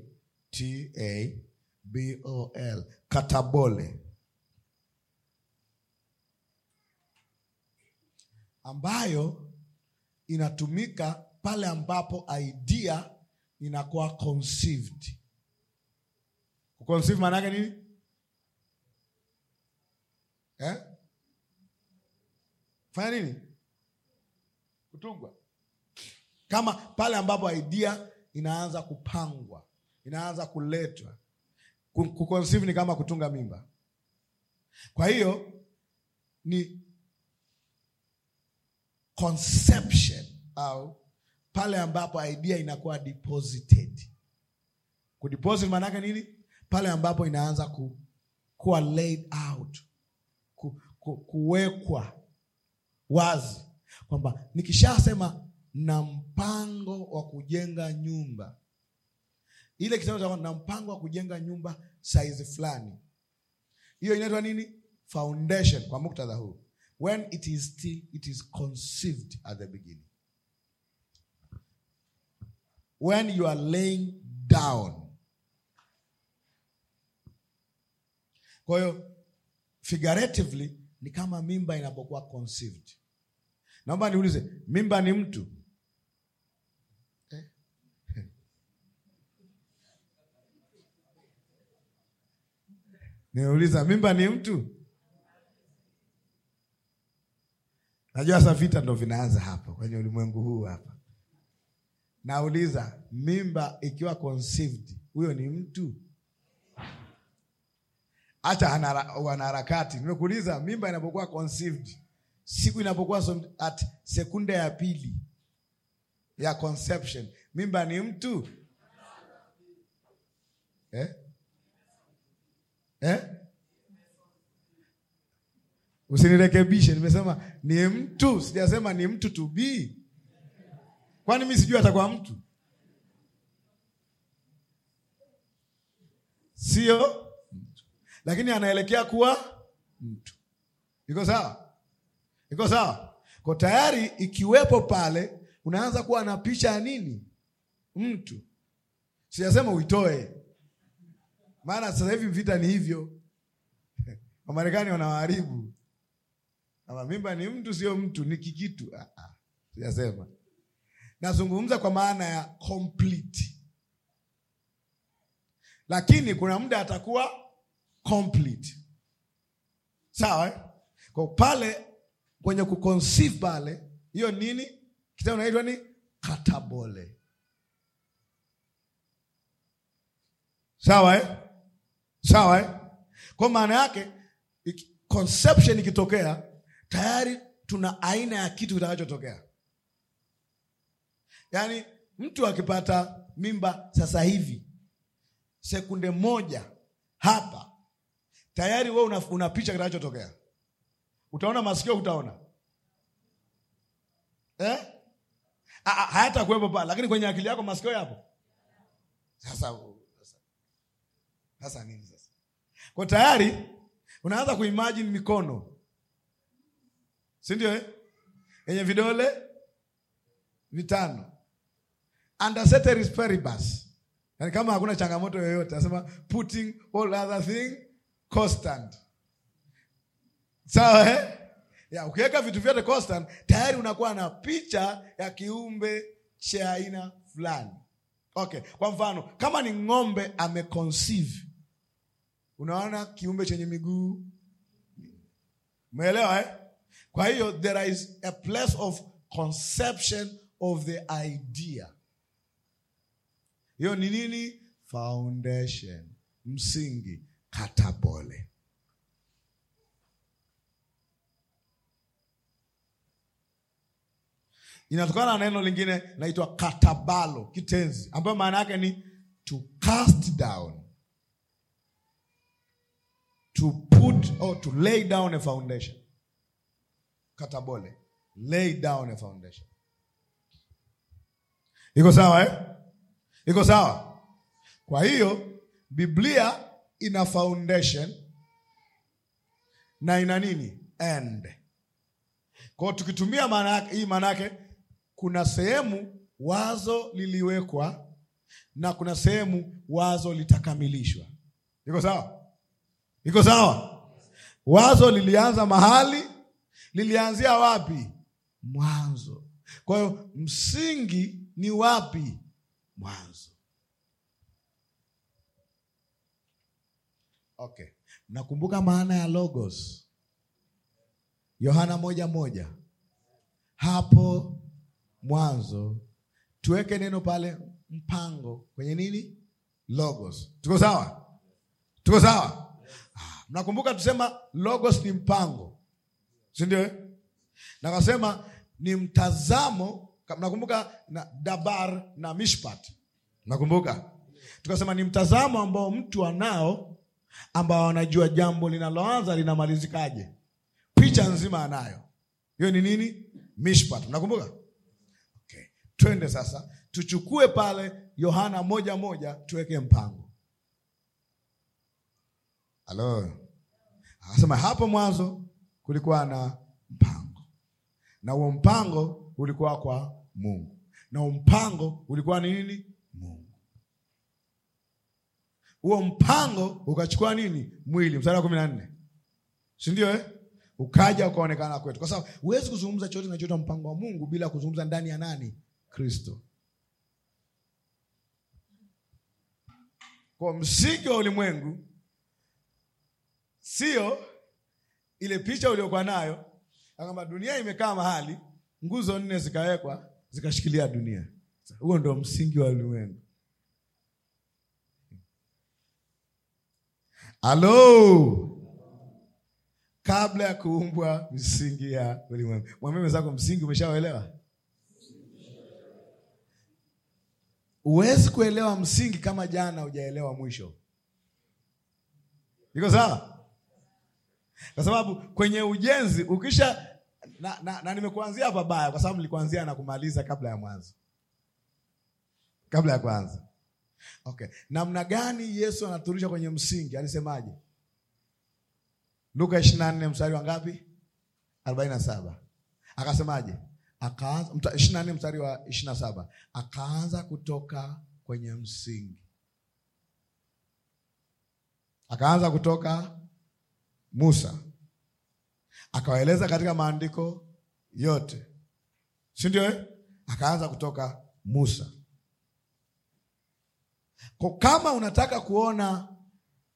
T A B O L, katabole ambayo inatumika pale ambapo idea inakuwa conceived Kuconceive maana yake nini eh? Fanya nini? Kutungwa, kama pale ambapo idea inaanza kupangwa, inaanza kuletwa. Kuconceive ni kama kutunga mimba. Kwa hiyo ni conception au pale ambapo idea inakuwa deposited. Kudeposit maana yake nini? pale ambapo inaanza ku, kuwa laid out ku, ku, kuwekwa wazi kwamba nikishasema na mpango wa kujenga nyumba ile kitendo cha na mpango wa kujenga nyumba saizi fulani, hiyo inaitwa nini? Foundation kwa muktadha huu, when it is still, it is conceived at the beginning, when you are laying down Kwa hiyo figuratively ni kama mimba inapokuwa conceived. Naomba niulize, mimba ni mtu eh? Niuliza, mimba ni mtu? Najua sasa vita ndo vinaanza hapa kwenye ulimwengu huu hapa. Nauliza, mimba ikiwa conceived, huyo ni mtu? hata wanaharakati. Nimekuuliza, mimba inapokuwa conceived, siku inapokuwa at sekunde ya pili ya conception, mimba ni mtu eh? Eh? Usinirekebishe, nimesema ni mtu, sijasema ni mtu to be. Kwani mi sijui atakuwa mtu, sio? lakini anaelekea kuwa mtu. Iko sawa? Iko sawa? Kwa tayari ikiwepo pale, unaanza kuwa na picha ya nini? Mtu. Sijasema uitoe, maana sasa hivi vita ni hivyo. Wamarekani wanawaharibu. Kama mimba ni mtu, sio mtu, ni kikitu. Ah, ah. Sijasema, nazungumza kwa maana ya complete, lakini kuna muda atakuwa complete. Sawa eh? Kwa pale kwenye kuconceive pale, hiyo nini kitendo naitwa ni katabole. Sawa eh? Sawa eh? Kwa maana yake conception ikitokea tayari tuna aina ya kitu kitakachotokea. Yaani mtu akipata mimba sasa hivi sekunde moja hapa tayari we una, una picha kinachotokea. Utaona masikio, utaona eh? Ah, ah, hayata kuwepo pale, lakini kwenye akili yako masikio yapo. Sasa sasa nini sasa? Kwa tayari unaanza kuimagine mikono, si ndio eh? yenye vidole vitano under ceteris paribus, yani kama hakuna changamoto yoyote, anasema putting all other thing constant. Sawa eh? Ya, ukiweka vitu vyote constant tayari unakuwa na picha ya kiumbe cha aina fulani. Okay, kwa mfano kama ni ng'ombe ameconceive, unaona kiumbe chenye miguu, umeelewa eh? Kwa hiyo there is a place of conception of the idea. Hiyo ni nini? Foundation, msingi hata pole. Inatokana na neno lingine naitwa katabalo, kitenzi ambayo maana yake ni to cast down, to put or to lay down a foundation. Katabole, lay down a foundation. Iko sawa eh? Iko sawa. Kwa hiyo Biblia ina foundation na ina nini end. Kwa tukitumia maana hii, maana yake kuna sehemu wazo liliwekwa na kuna sehemu wazo litakamilishwa. Iko sawa? Iko sawa? Wazo lilianza mahali, lilianzia wapi? Mwanzo. Kwa hiyo msingi ni wapi? Mwanzo. Okay. Nakumbuka maana ya logos. Yohana moja moja. Hapo mwanzo tuweke neno pale mpango kwenye nini? Logos. Tuko sawa? Tuko sawa? Ah, mnakumbuka tusema logos ni mpango. Si ndio? Eh? Na kasema ni mtazamo, mnakumbuka na dabar na mishpat. Mnakumbuka? Tukasema ni mtazamo ambao mtu anao ambao wanajua jambo linaloanza linamalizikaje. Picha nzima anayo. Hiyo ni nini? Mishpat. Mnakumbuka? Okay. Twende sasa tuchukue pale Yohana moja moja tuweke mpango. Halo. asema hapo mwanzo kulikuwa na mpango, na huo mpango ulikuwa kwa Mungu, na umpango mpango ulikuwa ni nini? huo mpango ukachukua nini? Mwili. Mstari wa kumi na nne, sindio eh? Ukaja ukaonekana kwetu, kwa sababu huwezi kuzungumza chote nachota mpango wa Mungu bila kuzungumza ndani ya nani? Kristo. Kwa msingi wa ulimwengu sio ile picha uliokuwa nayo, akamba dunia imekaa mahali, nguzo nne zikawekwa zikashikilia dunia. Huo ndo msingi wa ulimwengu. Halo, kabla ya kuumbwa misingi ya ulimwengu. Mwambie mwenzako, msingi umeshaelewa. Huwezi kuelewa msingi kama jana hujaelewa mwisho. Iko sawa? Kwa sababu kwenye ujenzi ukisha na, na, na nimekuanzia pabaya kwa sababu nilikuanzia na kumaliza kabla ya mwanzo, kabla ya kwanza Okay, namna gani Yesu anaturudisha kwenye msingi? Alisemaje? Luka 24 mstari wa ngapi? 47. Akasemaje? Akaanza 24 mstari wa 27. Akaanza kutoka kwenye msingi. Akaanza kutoka Musa. Akawaeleza katika maandiko yote. Si ndio eh? Akaanza kutoka Musa. Kwa kama unataka kuona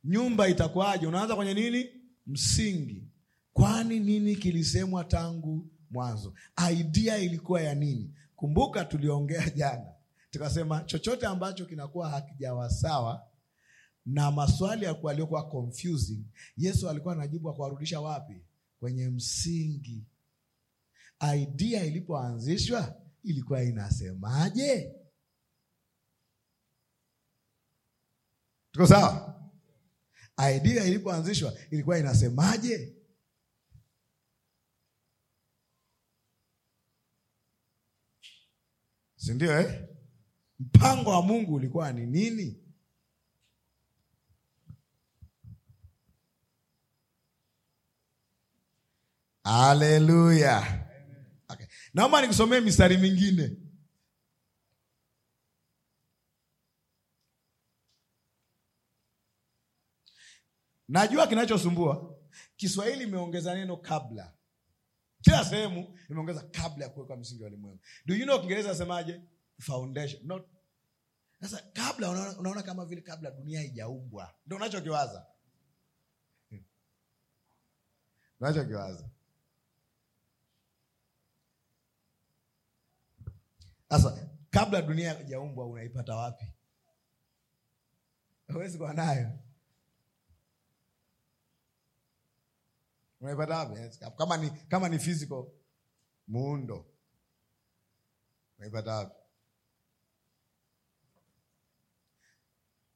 nyumba itakuwaje, unaanza kwenye nini? Msingi. Kwani nini kilisemwa tangu mwanzo? Idea ilikuwa ya nini? Kumbuka tuliongea jana, tukasema chochote ambacho kinakuwa hakijawa sawa na maswali yalikuwa aliyokuwa confusing, Yesu alikuwa anajibu kuwarudisha wapi? Kwenye msingi. Idea ilipoanzishwa ilikuwa inasemaje? Tuko sawa? Idea ilipoanzishwa ilikuwa inasemaje? Si ndio eh? Mpango wa Mungu ulikuwa ni nini? Haleluya. Okay. Naomba nikusomee mistari mingine. Najua kinachosumbua Kiswahili imeongeza neno kabla, kila sehemu imeongeza kabla ya kuweka msingi wa limwengu Do you know Kiingereza asemaje? Foundation not. Sasa kabla unaona, unaona kama vile kabla dunia haijaumbwa ndo unachokiwaza hmm. unachokiwaza sasa kabla dunia haijaumbwa unaipata wapi? awezi kuwa nayo unaipata wapi? Kama ni, kama ni physical muundo unaipata wapi?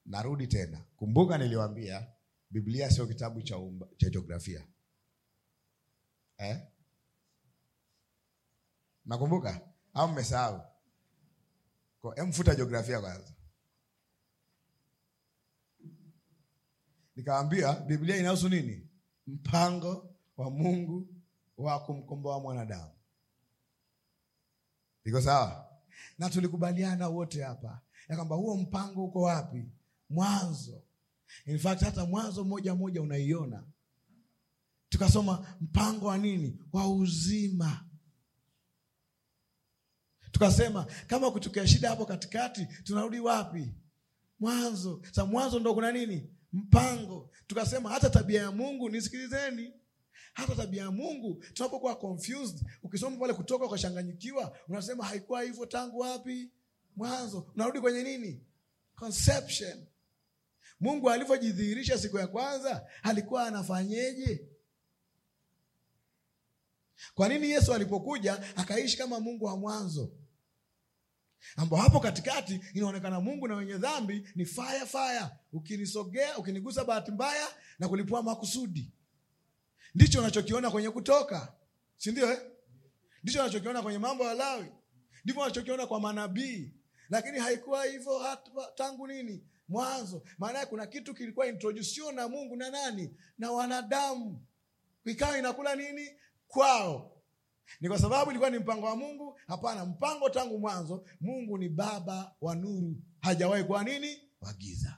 Narudi tena, kumbuka niliwambia Biblia sio kitabu cha, umba, cha jiografia eh? Nakumbuka au mmesahau? Mfuta jiografia kwanza. Nikawambia Biblia inahusu nini? Mpango wa Mungu wa kumkomboa mwanadamu. Iko sawa? Na tulikubaliana wote hapa ya kwamba huo mpango uko wapi? Mwanzo. In fact hata Mwanzo moja moja unaiona, tukasoma mpango wa nini? Wa uzima. Tukasema kama kutokea shida hapo katikati, tunarudi wapi? Mwanzo. Sasa mwanzo ndo kuna nini? Mpango. Tukasema hata tabia ya Mungu, nisikilizeni, hata tabia ya Mungu tunapokuwa confused, ukisoma pale Kutoka ukashanganyikiwa unasema haikuwa hivyo tangu wapi? Mwanzo. Unarudi kwenye nini? Conception. Mungu alivyojidhihirisha siku ya kwanza alikuwa anafanyeje? Kwa nini Yesu alipokuja akaishi kama Mungu wa mwanzo, ambao hapo katikati inaonekana Mungu na wenye dhambi ni faya faya ukinisogea, ukinigusa bahati mbaya na kulipua makusudi Ndicho unachokiona kwenye Kutoka, sindio eh? Ndicho unachokiona kwenye Mambo ya Lawi, ndivyo unachokiona kwa manabii, lakini haikuwa hivyo tangu nini? Mwanzo. maanaye kuna kitu kilikuwa introdusiwa na Mungu na nani? Na wanadamu, ikawa inakula nini kwao ni kwa sababu ilikuwa ni mpango wa Mungu? Hapana, mpango tangu mwanzo. Mungu ni baba wa nuru, hajawahi kuwa nini wagiza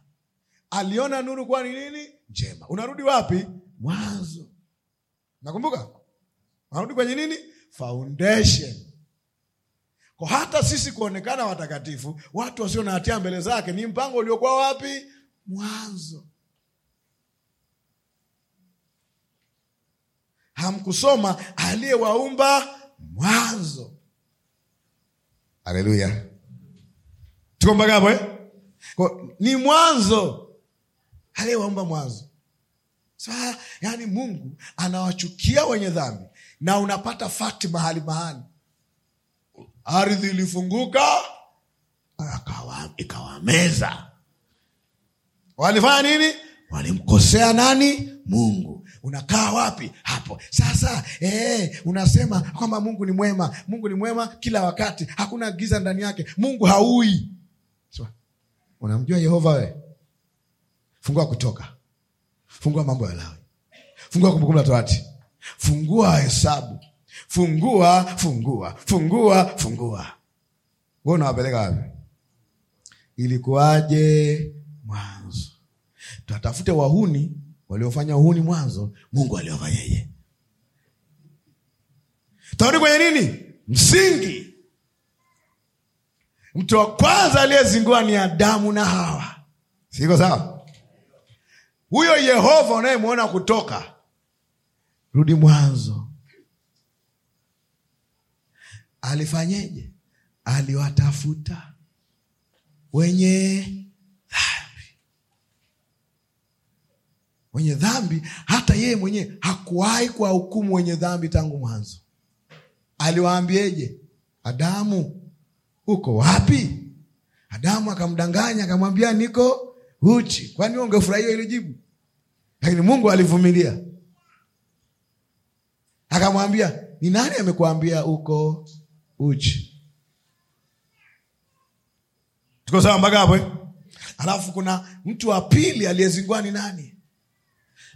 Aliona nuru kuwa ni nini njema. Unarudi wapi? Mwanzo. Nakumbuka wanarudi kwenye nini? Foundation. Kwa hata sisi kuonekana watakatifu, watu wasio na hatia mbele zake, ni mpango uliokuwa wapi? Mwanzo. Hamkusoma aliyewaumba mwanzo. Haleluya, tuko mpaka hapo eh? Kwa, ni mwanzo aliyewaumba mwanzo sasa yani Mungu anawachukia wenye dhambi, na unapata fati mahali mahali, ardhi ilifunguka ikawameza. Walifanya nini? Walimkosea nani? Mungu. Unakaa wapi hapo sasa? Ee, unasema kwamba Mungu ni mwema. Mungu ni mwema kila wakati, hakuna giza ndani yake. Mungu haui. Unamjua Yehova we? Fungua Kutoka fungua mambo ya lawi fungua kumbukumbu la torati fungua hesabu fungua fungua fungua fungua we unawapeleka wapi ilikuwaje mwanzo twatafute wahuni waliofanya uhuni mwanzo mungu aliofanyaje tarudi kwenye nini msingi mtu wa kwanza aliyezingua ni adamu na hawa siko sawa huyo Yehova unayemwona kutoka, rudi mwanzo. Alifanyeje? Aliwatafuta wenye dhambi. Wenye dhambi, hata yeye mwenyewe hakuwahi kwa hukumu wenye dhambi tangu mwanzo. Aliwaambieje? Adamu, uko wapi? Adamu akamdanganya akamwambia, niko uchi. Kwani ungefurahia ili jibu? lakini Mungu alivumilia akamwambia, ni nani amekuambia huko uchi? Tuko sawa mpaka hapo? Eh? Alafu kuna mtu wa pili aliyezingua ni nani?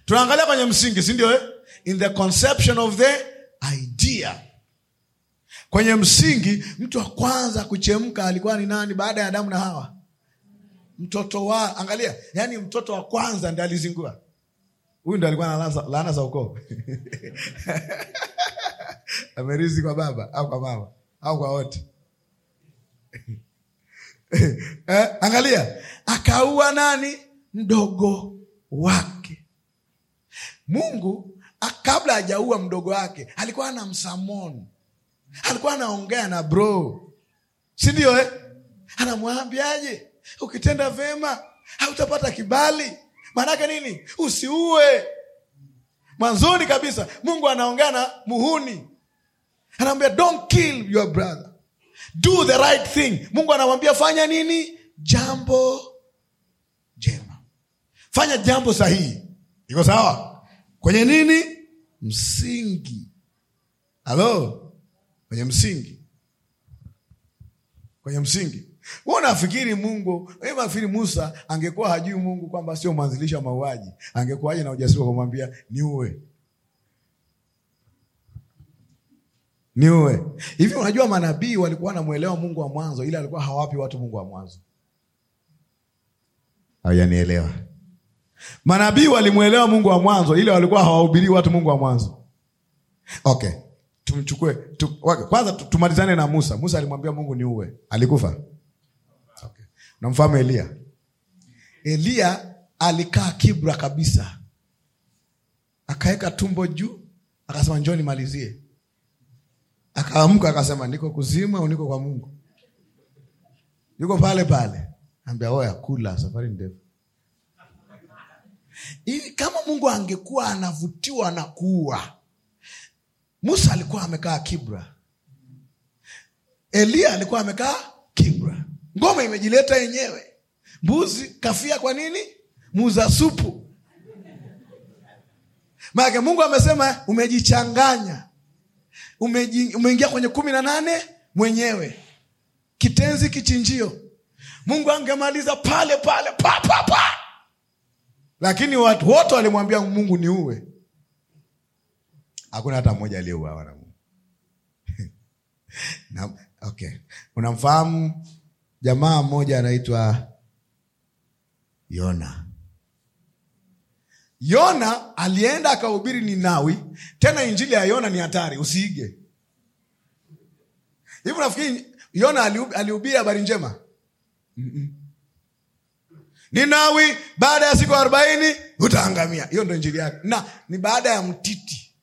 Tunaangalia kwenye msingi, si ndio eh? In the conception of the idea kwenye msingi, mtu wa kwanza kuchemka alikuwa ni nani baada ya Adamu na Hawa? Mtoto wa, angalia, yani mtoto wa kwanza ndi alizingua huyu ndo alikuwa na laana za ukoo amerizi kwa baba au kwa mama au kwa wote eh, angalia akaua nani mdogo wake mungu kabla hajaua mdogo wake alikuwa na msamoni alikuwa anaongea na bro sindio eh? anamwambiaje ukitenda vema hautapata kibali maanake nini? Usiue. Mwanzoni kabisa Mungu anaongea na muhuni, anamwambia don't kill your brother, do the right thing. Mungu anamwambia fanya nini? Jambo jema, fanya jambo sahihi. Iko sawa? Kwenye nini? Msingi. Halo, kwenye msingi, kwenye msingi wewe unafikiri Mungu, wewe unafikiri Musa angekuwa hajui Mungu kwamba sio mwanzilishi wa mauaji, angekuwaje na ujasiri wa kumwambia niue? Niue. Hivi unajua manabii walikuwa wanamuelewa Mungu wa mwanzo ila alikuwa hawapi watu Mungu wa mwanzo. Haujanielewa. Manabii walimwelewa Mungu wa mwanzo ila walikuwa hawahubirii watu Mungu wa mwanzo. Okay. Tumchukue tu, kwanza tumalizane na Musa. Musa alimwambia Mungu ni uwe, Alikufa? namfahamu elia elia alikaa kibra kabisa akaweka tumbo juu akasema njoo nimalizie akaamka akasema niko kuzima au niko kwa mungu yuko pale pale ambia oya kula safari ndefu ili kama mungu angekuwa anavutiwa na kuua musa alikuwa amekaa kibra eliya alikuwa amekaa kibra ngoma imejileta yenyewe. Mbuzi kafia kwa nini? Muuza supu. Maanake Mungu amesema umejichanganya, umeingia kwenye kumi na nane mwenyewe, kitenzi kichinjio. Mungu angemaliza pale pale pa, pa, pa. Lakini watu wote walimwambia Mungu ni uwe hakuna hata mmoja aliyeuawa na Mungu. Okay, unamfahamu jamaa mmoja anaitwa Yona. Yona alienda akahubiri Ninawi. Tena injili ya Yona ni hatari, usiige hivi. Nafikiri Yona alihubiri habari njema Mm-mm. Ninawi, baada ya siku arobaini utaangamia. Hiyo ndo injili yake, na ni baada ya mtiti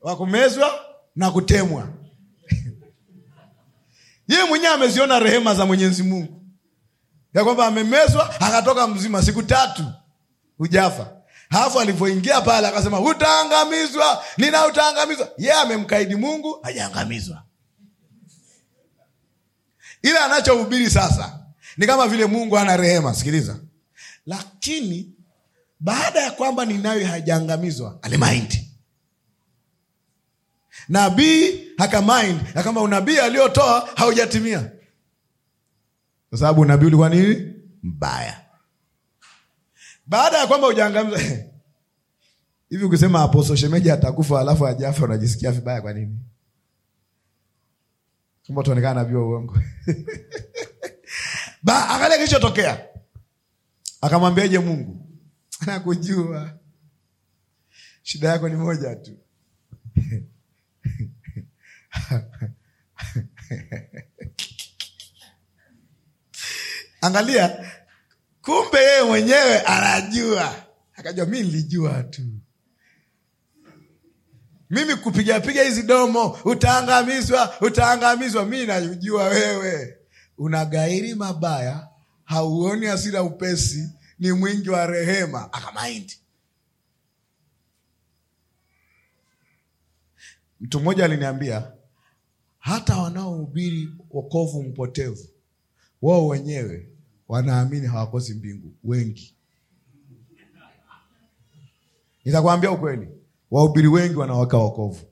wa kumezwa na kutemwa yeye mwenyewe ameziona rehema za mwenyezi mungu ya kwamba amemezwa akatoka mzima siku tatu hujafa halafu alivyoingia pale akasema utaangamizwa nina utaangamizwa yeye amemkaidi mungu hajaangamizwa ila anachohubiri sasa ni kama vile mungu ana rehema sikiliza lakini baada ya kwamba ninayo haijaangamizwa alimaindi nabii hakamind ya kwamba unabii aliyotoa haujatimia kwa sababu unabii ulikuwa nini mbaya baada ya kwamba ujaangamza hivi ukisema aposo shemeji atakufa alafu ajafa unajisikia vibaya kwa nini kama tuonekana nabii wa uongo akale kilichotokea akamwambiaje mungu anakujua shida yako ni moja tu Angalia, kumbe yeye mwenyewe anajua. Akajua mi nilijua tu, mimi kupigapiga hizi domo, utaangamizwa, utaangamizwa. Mi najujua wewe unagairi mabaya, hauoni asira upesi, ni mwingi wa rehema. Akamaindi. Mtu mmoja aliniambia hata wanaohubiri wokovu mpotevu wao wenyewe wanaamini hawakosi mbingu. Wengi nitakwambia ukweli, wahubiri wengi wanawaka wokovu,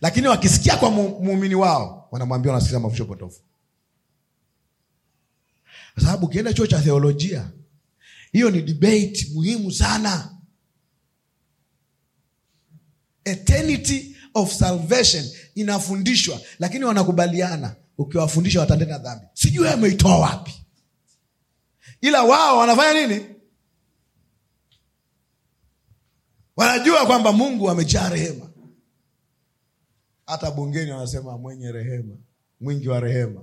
lakini wakisikia kwa muumini wao wanamwambia wanasikiza mafundisho potofu, kwa sababu ukienda chuo cha theolojia, hiyo ni debate muhimu sana eternity of salvation inafundishwa lakini wanakubaliana ukiwafundisha watandena dhambi sijui ameitoa wapi ila wao wanafanya nini wanajua kwamba mungu amejaa rehema hata bungeni wanasema mwenye rehema mwingi wa rehema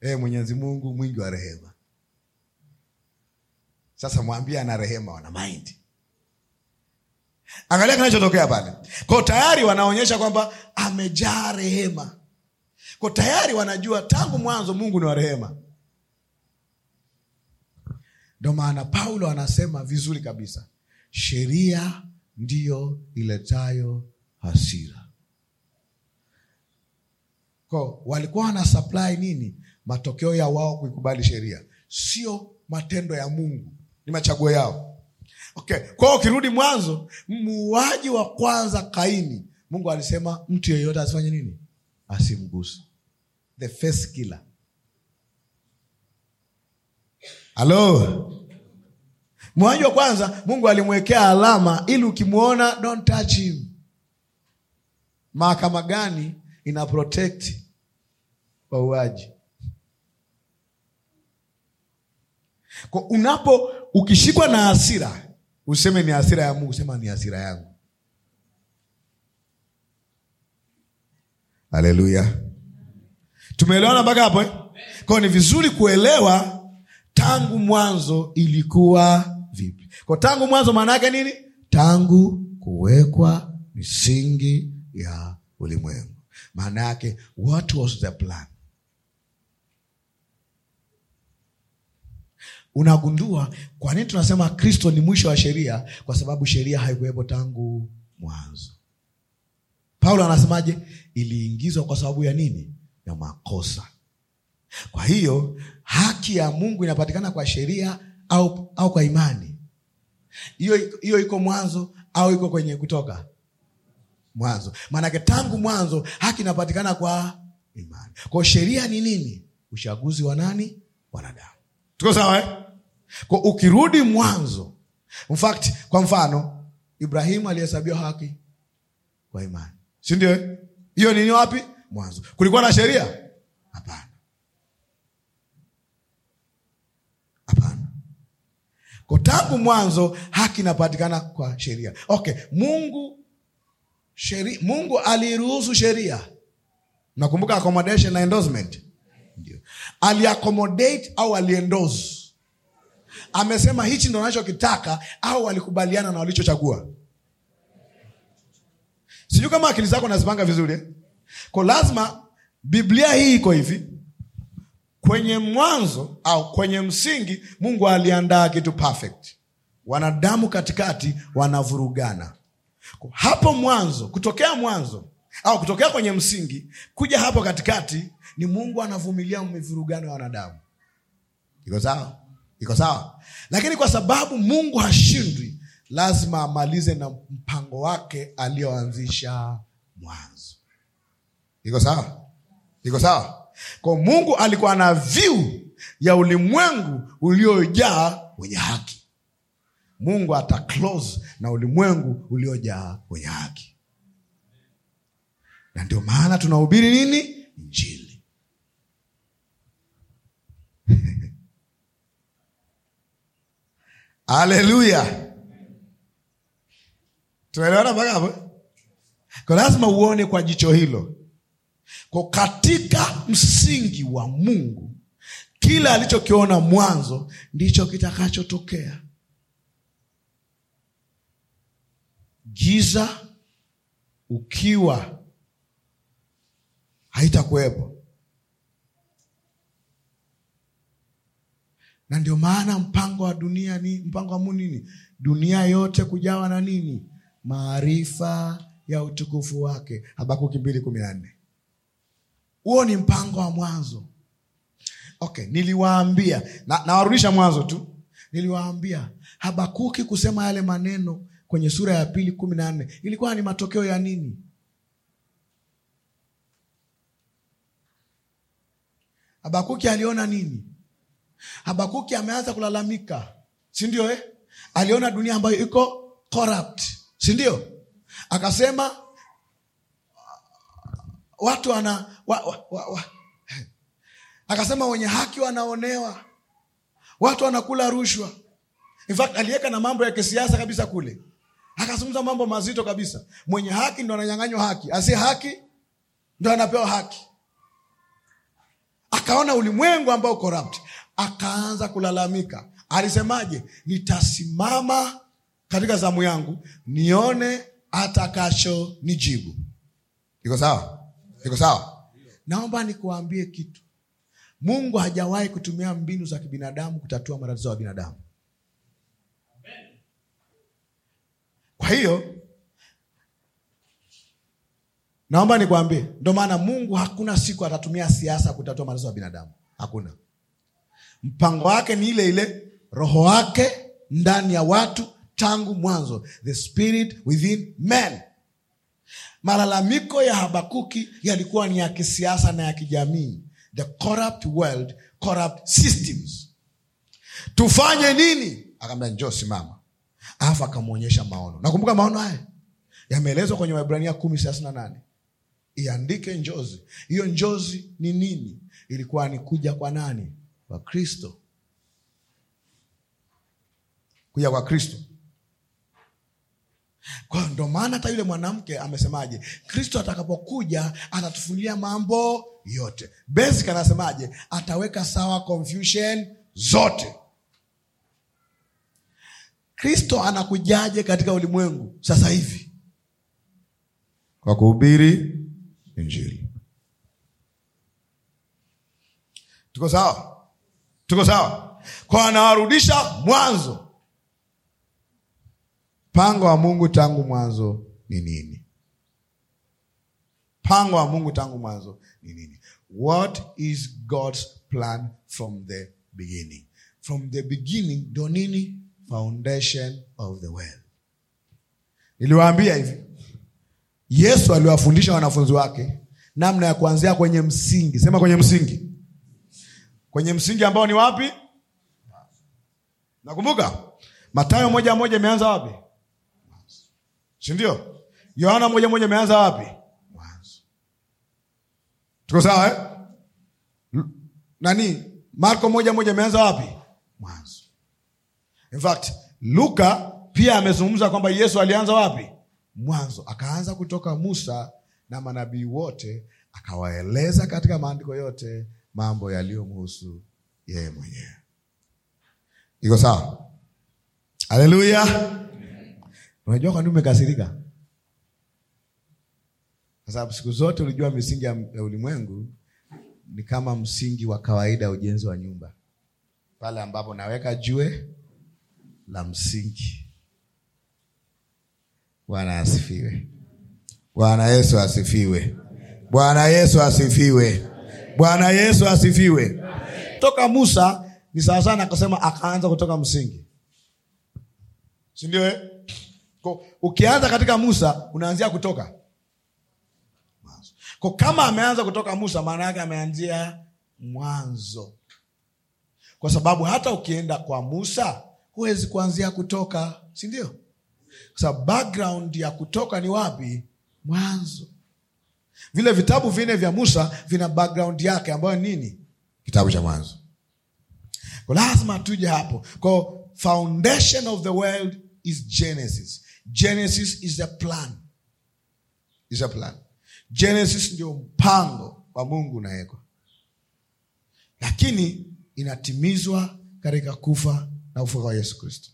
e, mwenyezi mungu mwingi wa rehema sasa mwambie ana rehema wana maindi angalia kinachotokea pale ko tayari wanaonyesha kwamba amejaa rehema ko tayari wanajua tangu mwanzo mungu ni wa rehema ndo maana paulo anasema vizuri kabisa sheria ndiyo iletayo hasira ko walikuwa wana supply nini matokeo ya wao kuikubali sheria sio matendo ya mungu ni machaguo yao okay. Kwa ukirudi Mwanzo, muuaji wa kwanza Kaini, Mungu alisema mtu yeyote asifanye nini? Asimguse. The first killer. Halo, muuaji wa kwanza Mungu alimwekea alama ili ukimwona, don't touch him. Mahakama gani ina protect wauaji? Unapo ukishikwa na hasira Useme ni hasira ya Mungu, sema ni hasira yangu. Haleluya, tumeelewana mpaka hapo eh? Kwao ni vizuri kuelewa tangu mwanzo ilikuwa vipi. Kwa tangu mwanzo maana yake nini? Tangu kuwekwa misingi ya ulimwengu, maana yake what was the plan unagundua kwa nini tunasema Kristo ni mwisho wa sheria, kwa sababu sheria haikuwepo tangu mwanzo. Paulo anasemaje? Iliingizwa kwa sababu ya nini? Ya makosa. Kwa hiyo haki ya Mungu inapatikana kwa sheria au, au kwa imani? Hiyo iko Mwanzo au iko kwenye Kutoka? Mwanzo. Maanake tangu mwanzo haki inapatikana kwa imani. Kwa sheria ni nini? Uchaguzi wa nani? Wanadamu tuko sawa eh? kwa ukirudi mwanzo in fact kwa mfano ibrahimu alihesabiwa haki kwa imani si ndio eh? hiyo nini wapi mwanzo kulikuwa na sheria hapana hapana kwa tangu mwanzo haki inapatikana kwa sheria okay mungu sheri, mungu aliruhusu sheria nakumbuka accommodation na endorsement aliaccommodate au aliendoze amesema hichi ndo anachokitaka au walikubaliana na walichochagua sijui kama akili zako nazipanga vizuri eh? ko lazima biblia hii iko hivi kwenye mwanzo au kwenye msingi mungu aliandaa kitu perfect wanadamu katikati wanavurugana hapo mwanzo kutokea mwanzo au kutokea kwenye msingi kuja hapo katikati ni mungu anavumilia mivurugano ya wanadamu iko sawa iko sawa lakini kwa sababu mungu hashindwi lazima amalize na mpango wake aliyoanzisha mwanzo iko sawa iko sawa kwa mungu alikuwa na viu ya ulimwengu uliojaa wenye haki mungu ata na ulimwengu uliojaa wenye haki na ndio maana tunahubiri nini injili aleluya tunaelewana mpaka hapo? Kwa lazima uone kwa jicho hilo, kwa katika msingi wa Mungu kila alichokiona mwanzo ndicho kitakachotokea. Giza ukiwa haitakuwepo na ndio maana mpango wa dunia ni mpango wa munini Dunia yote kujawa na nini? Maarifa ya utukufu wake, Habakuki mbili kumi na nne. Huo ni mpango wa mwanzo. Okay, niliwaambia na, nawarudisha mwanzo tu. Niliwaambia Habakuki kusema yale maneno kwenye sura ya pili kumi na nne ilikuwa ni matokeo ya nini? Habakuki aliona nini? Habakuki ameanza kulalamika, sindio eh? Aliona dunia ambayo iko corrupt, sindio? Akasema watu wana wa, wa, wa, wa. Akasema wenye haki wanaonewa, watu wanakula rushwa. In fact aliweka na mambo ya kisiasa kabisa kule, akazungumza mambo mazito kabisa. Mwenye haki ndo ananyang'anywa haki, asiye haki ndo anapewa haki. Akaona ulimwengu ambao corrupt akaanza kulalamika. Alisemaje? Nitasimama katika zamu yangu nione atakacho nijibu. Iko sawa? Iko sawa? Naomba nikuambie kitu. Mungu hajawahi kutumia mbinu za kibinadamu kutatua matatizo ya binadamu. Kwa hiyo naomba nikuambie, ndio maana Mungu hakuna siku atatumia siasa kutatua matatizo ya binadamu. Hakuna. Mpango wake ni ile ile, roho wake ndani ya watu tangu mwanzo, the spirit within men. Malalamiko ya Habakuki yalikuwa ni ya kisiasa na ya kijamii, the corrupt world, corrupt systems. Tufanye nini? Akaambia njoo, simama, alafu akamwonyesha maono. Nakumbuka maono haya yameelezwa kwenye Waibrania kumi thelathini na nane iandike njozi hiyo. Njozi ni nini? Ilikuwa ni kuja kwa nani? wa Kristo, kuja kwa Kristo. Kwa hiyo ndo maana hata yule mwanamke amesemaje? Kristo atakapokuja atatufunulia mambo yote. Basic anasemaje? Ataweka sawa confusion zote. Kristo anakujaje katika ulimwengu sasa hivi? Kwa kuhubiri Injili. Tuko sawa? tuko sawa kwa anawarudisha mwanzo mpango wa mungu tangu mwanzo ni nini mpango wa mungu tangu mwanzo ni nini what is god's plan from the beginning from the beginning ndo nini foundation of the world niliwaambia hivi yesu aliwafundisha wanafunzi wake namna ya kuanzia kwenye msingi sema kwenye msingi kwenye msingi ambao ni wapi? Nakumbuka matayo moja moja imeanza wapi, sindio Yohana moja moja imeanza wapi? Tuko sawa eh? Nani? Marko moja moja imeanza wapi? Mwanzo. In fact, Luka pia amezungumza kwamba Yesu alianza wapi? Mwanzo. Akaanza kutoka Musa na manabii wote, akawaeleza katika maandiko yote mambo yaliyomhusu yeye mwenyewe. Iko sawa? Haleluya! Unajua kwa nini umekasirika? Kwa sababu siku zote ulijua misingi ya ulimwengu ni kama msingi wa kawaida ya ujenzi wa nyumba, pale ambapo naweka jue la msingi. Bwana asifiwe! Bwana Yesu asifiwe! Bwana Yesu asifiwe! Bwana Yesu asifiwe. Amen. Toka Musa ni sana akasema akaanza kutoka msingi, si ndio? Eh, ukianza katika Musa unaanzia kutoka kwa. Kama ameanza kutoka Musa, maana yake ameanzia mwanzo, kwa sababu hata ukienda kwa Musa huwezi kuanzia kutoka, si ndio? Kwa sababu background ya kutoka ni wapi? Mwanzo. Vile vitabu vine vya Musa vina background yake ambayo nini? Kitabu cha Mwanzo. Kwa lazima tuje hapo. Kwa foundation of the world is Genesis. Genesis is a plan. Is a plan. Genesis ndio mpango wa Mungu unawekwa, lakini inatimizwa katika kufa na ufufuko wa Yesu Kristo,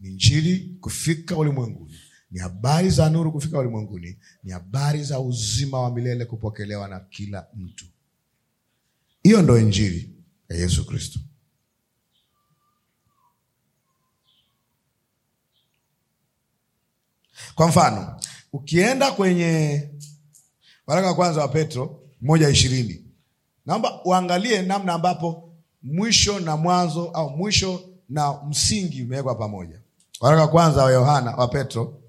ni Injili kufika ulimwenguni ni habari za nuru kufika ulimwenguni, ni habari za uzima wa milele kupokelewa na kila mtu. Hiyo ndo injili ya Yesu Kristo. Kwa mfano, ukienda kwenye waraka wa kwanza wa Petro moja ishirini, naomba uangalie namna ambapo mwisho na mwanzo au mwisho na msingi umewekwa pamoja. Waraka wa kwanza wa Yohana wa Petro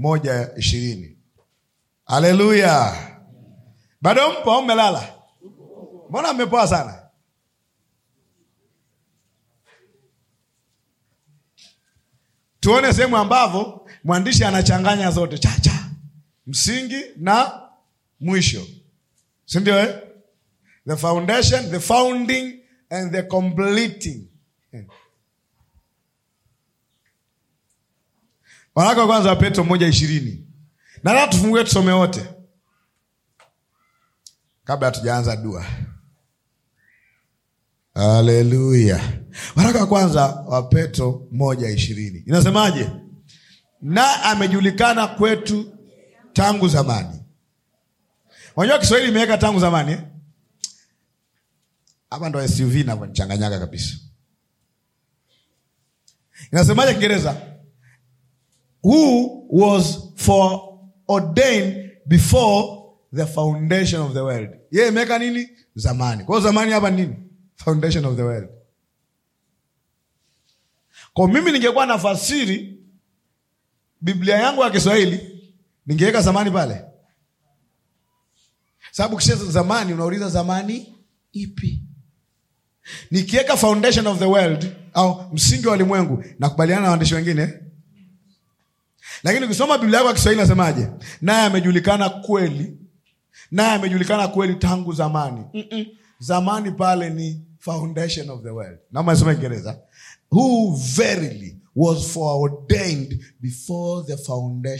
moja ishirini. Aleluya! Bado mpo au mmelala? Mbona mmepoa sana? Tuone sehemu ambavyo mwandishi anachanganya zote chacha Msingi na mwisho, sindio eh? The foundation, the founding and the completing Waraka wa kwanza wa Petro moja ishirini. Nataka tufungue tusome wote kabla hatujaanza dua. Haleluya! Waraka wa kwanza wa Petro moja ishirini inasemaje? Na amejulikana kwetu tangu zamani. Unajua Kiswahili imeweka tangu zamani eh? hapa Ndo SUV inavyonichanganyaka kabisa. Inasemaje Kiingereza? who was for ordained before the foundation of the world. ye meka nini? Zamani. Kwa zamani hapa nini? Foundation of the world. Kwa mimi ningekuwa fasiri Biblia yangu ya Kiswahili ningeweka zamani pale, sababu kisha zamani unauliza zamani ipi? Nikiweka foundation of the world au msingi wa ulimwengu, nakubaliana na waandishi wengine eh? Lakini ukisoma Biblia yako ya Kiswahili inasemaje? Naye amejulikana kweli, naye amejulikana kweli tangu zamani. mm -mm. Zamani pale ni foundation of the world. Naomba nisome Kiingereza, who verily was foreordained before the foundation